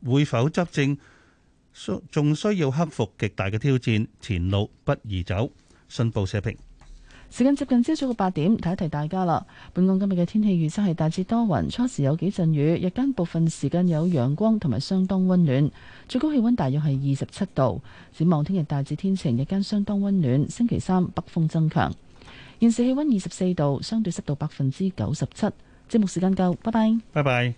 會否執政，仲需要克服極大嘅挑戰，前路不易走。信報社評。時間接近朝早嘅八點，提一提大家啦。本港今日嘅天氣預測係大致多雲，初時有幾陣雨，日間部分時間有陽光同埋相當溫暖，最高氣溫大約係二十七度。展望聽日大致天晴，日間相當溫暖。星期三北風增強，現時氣溫二十四度，相對濕度百分之九十七。節目時間夠，拜拜。拜拜。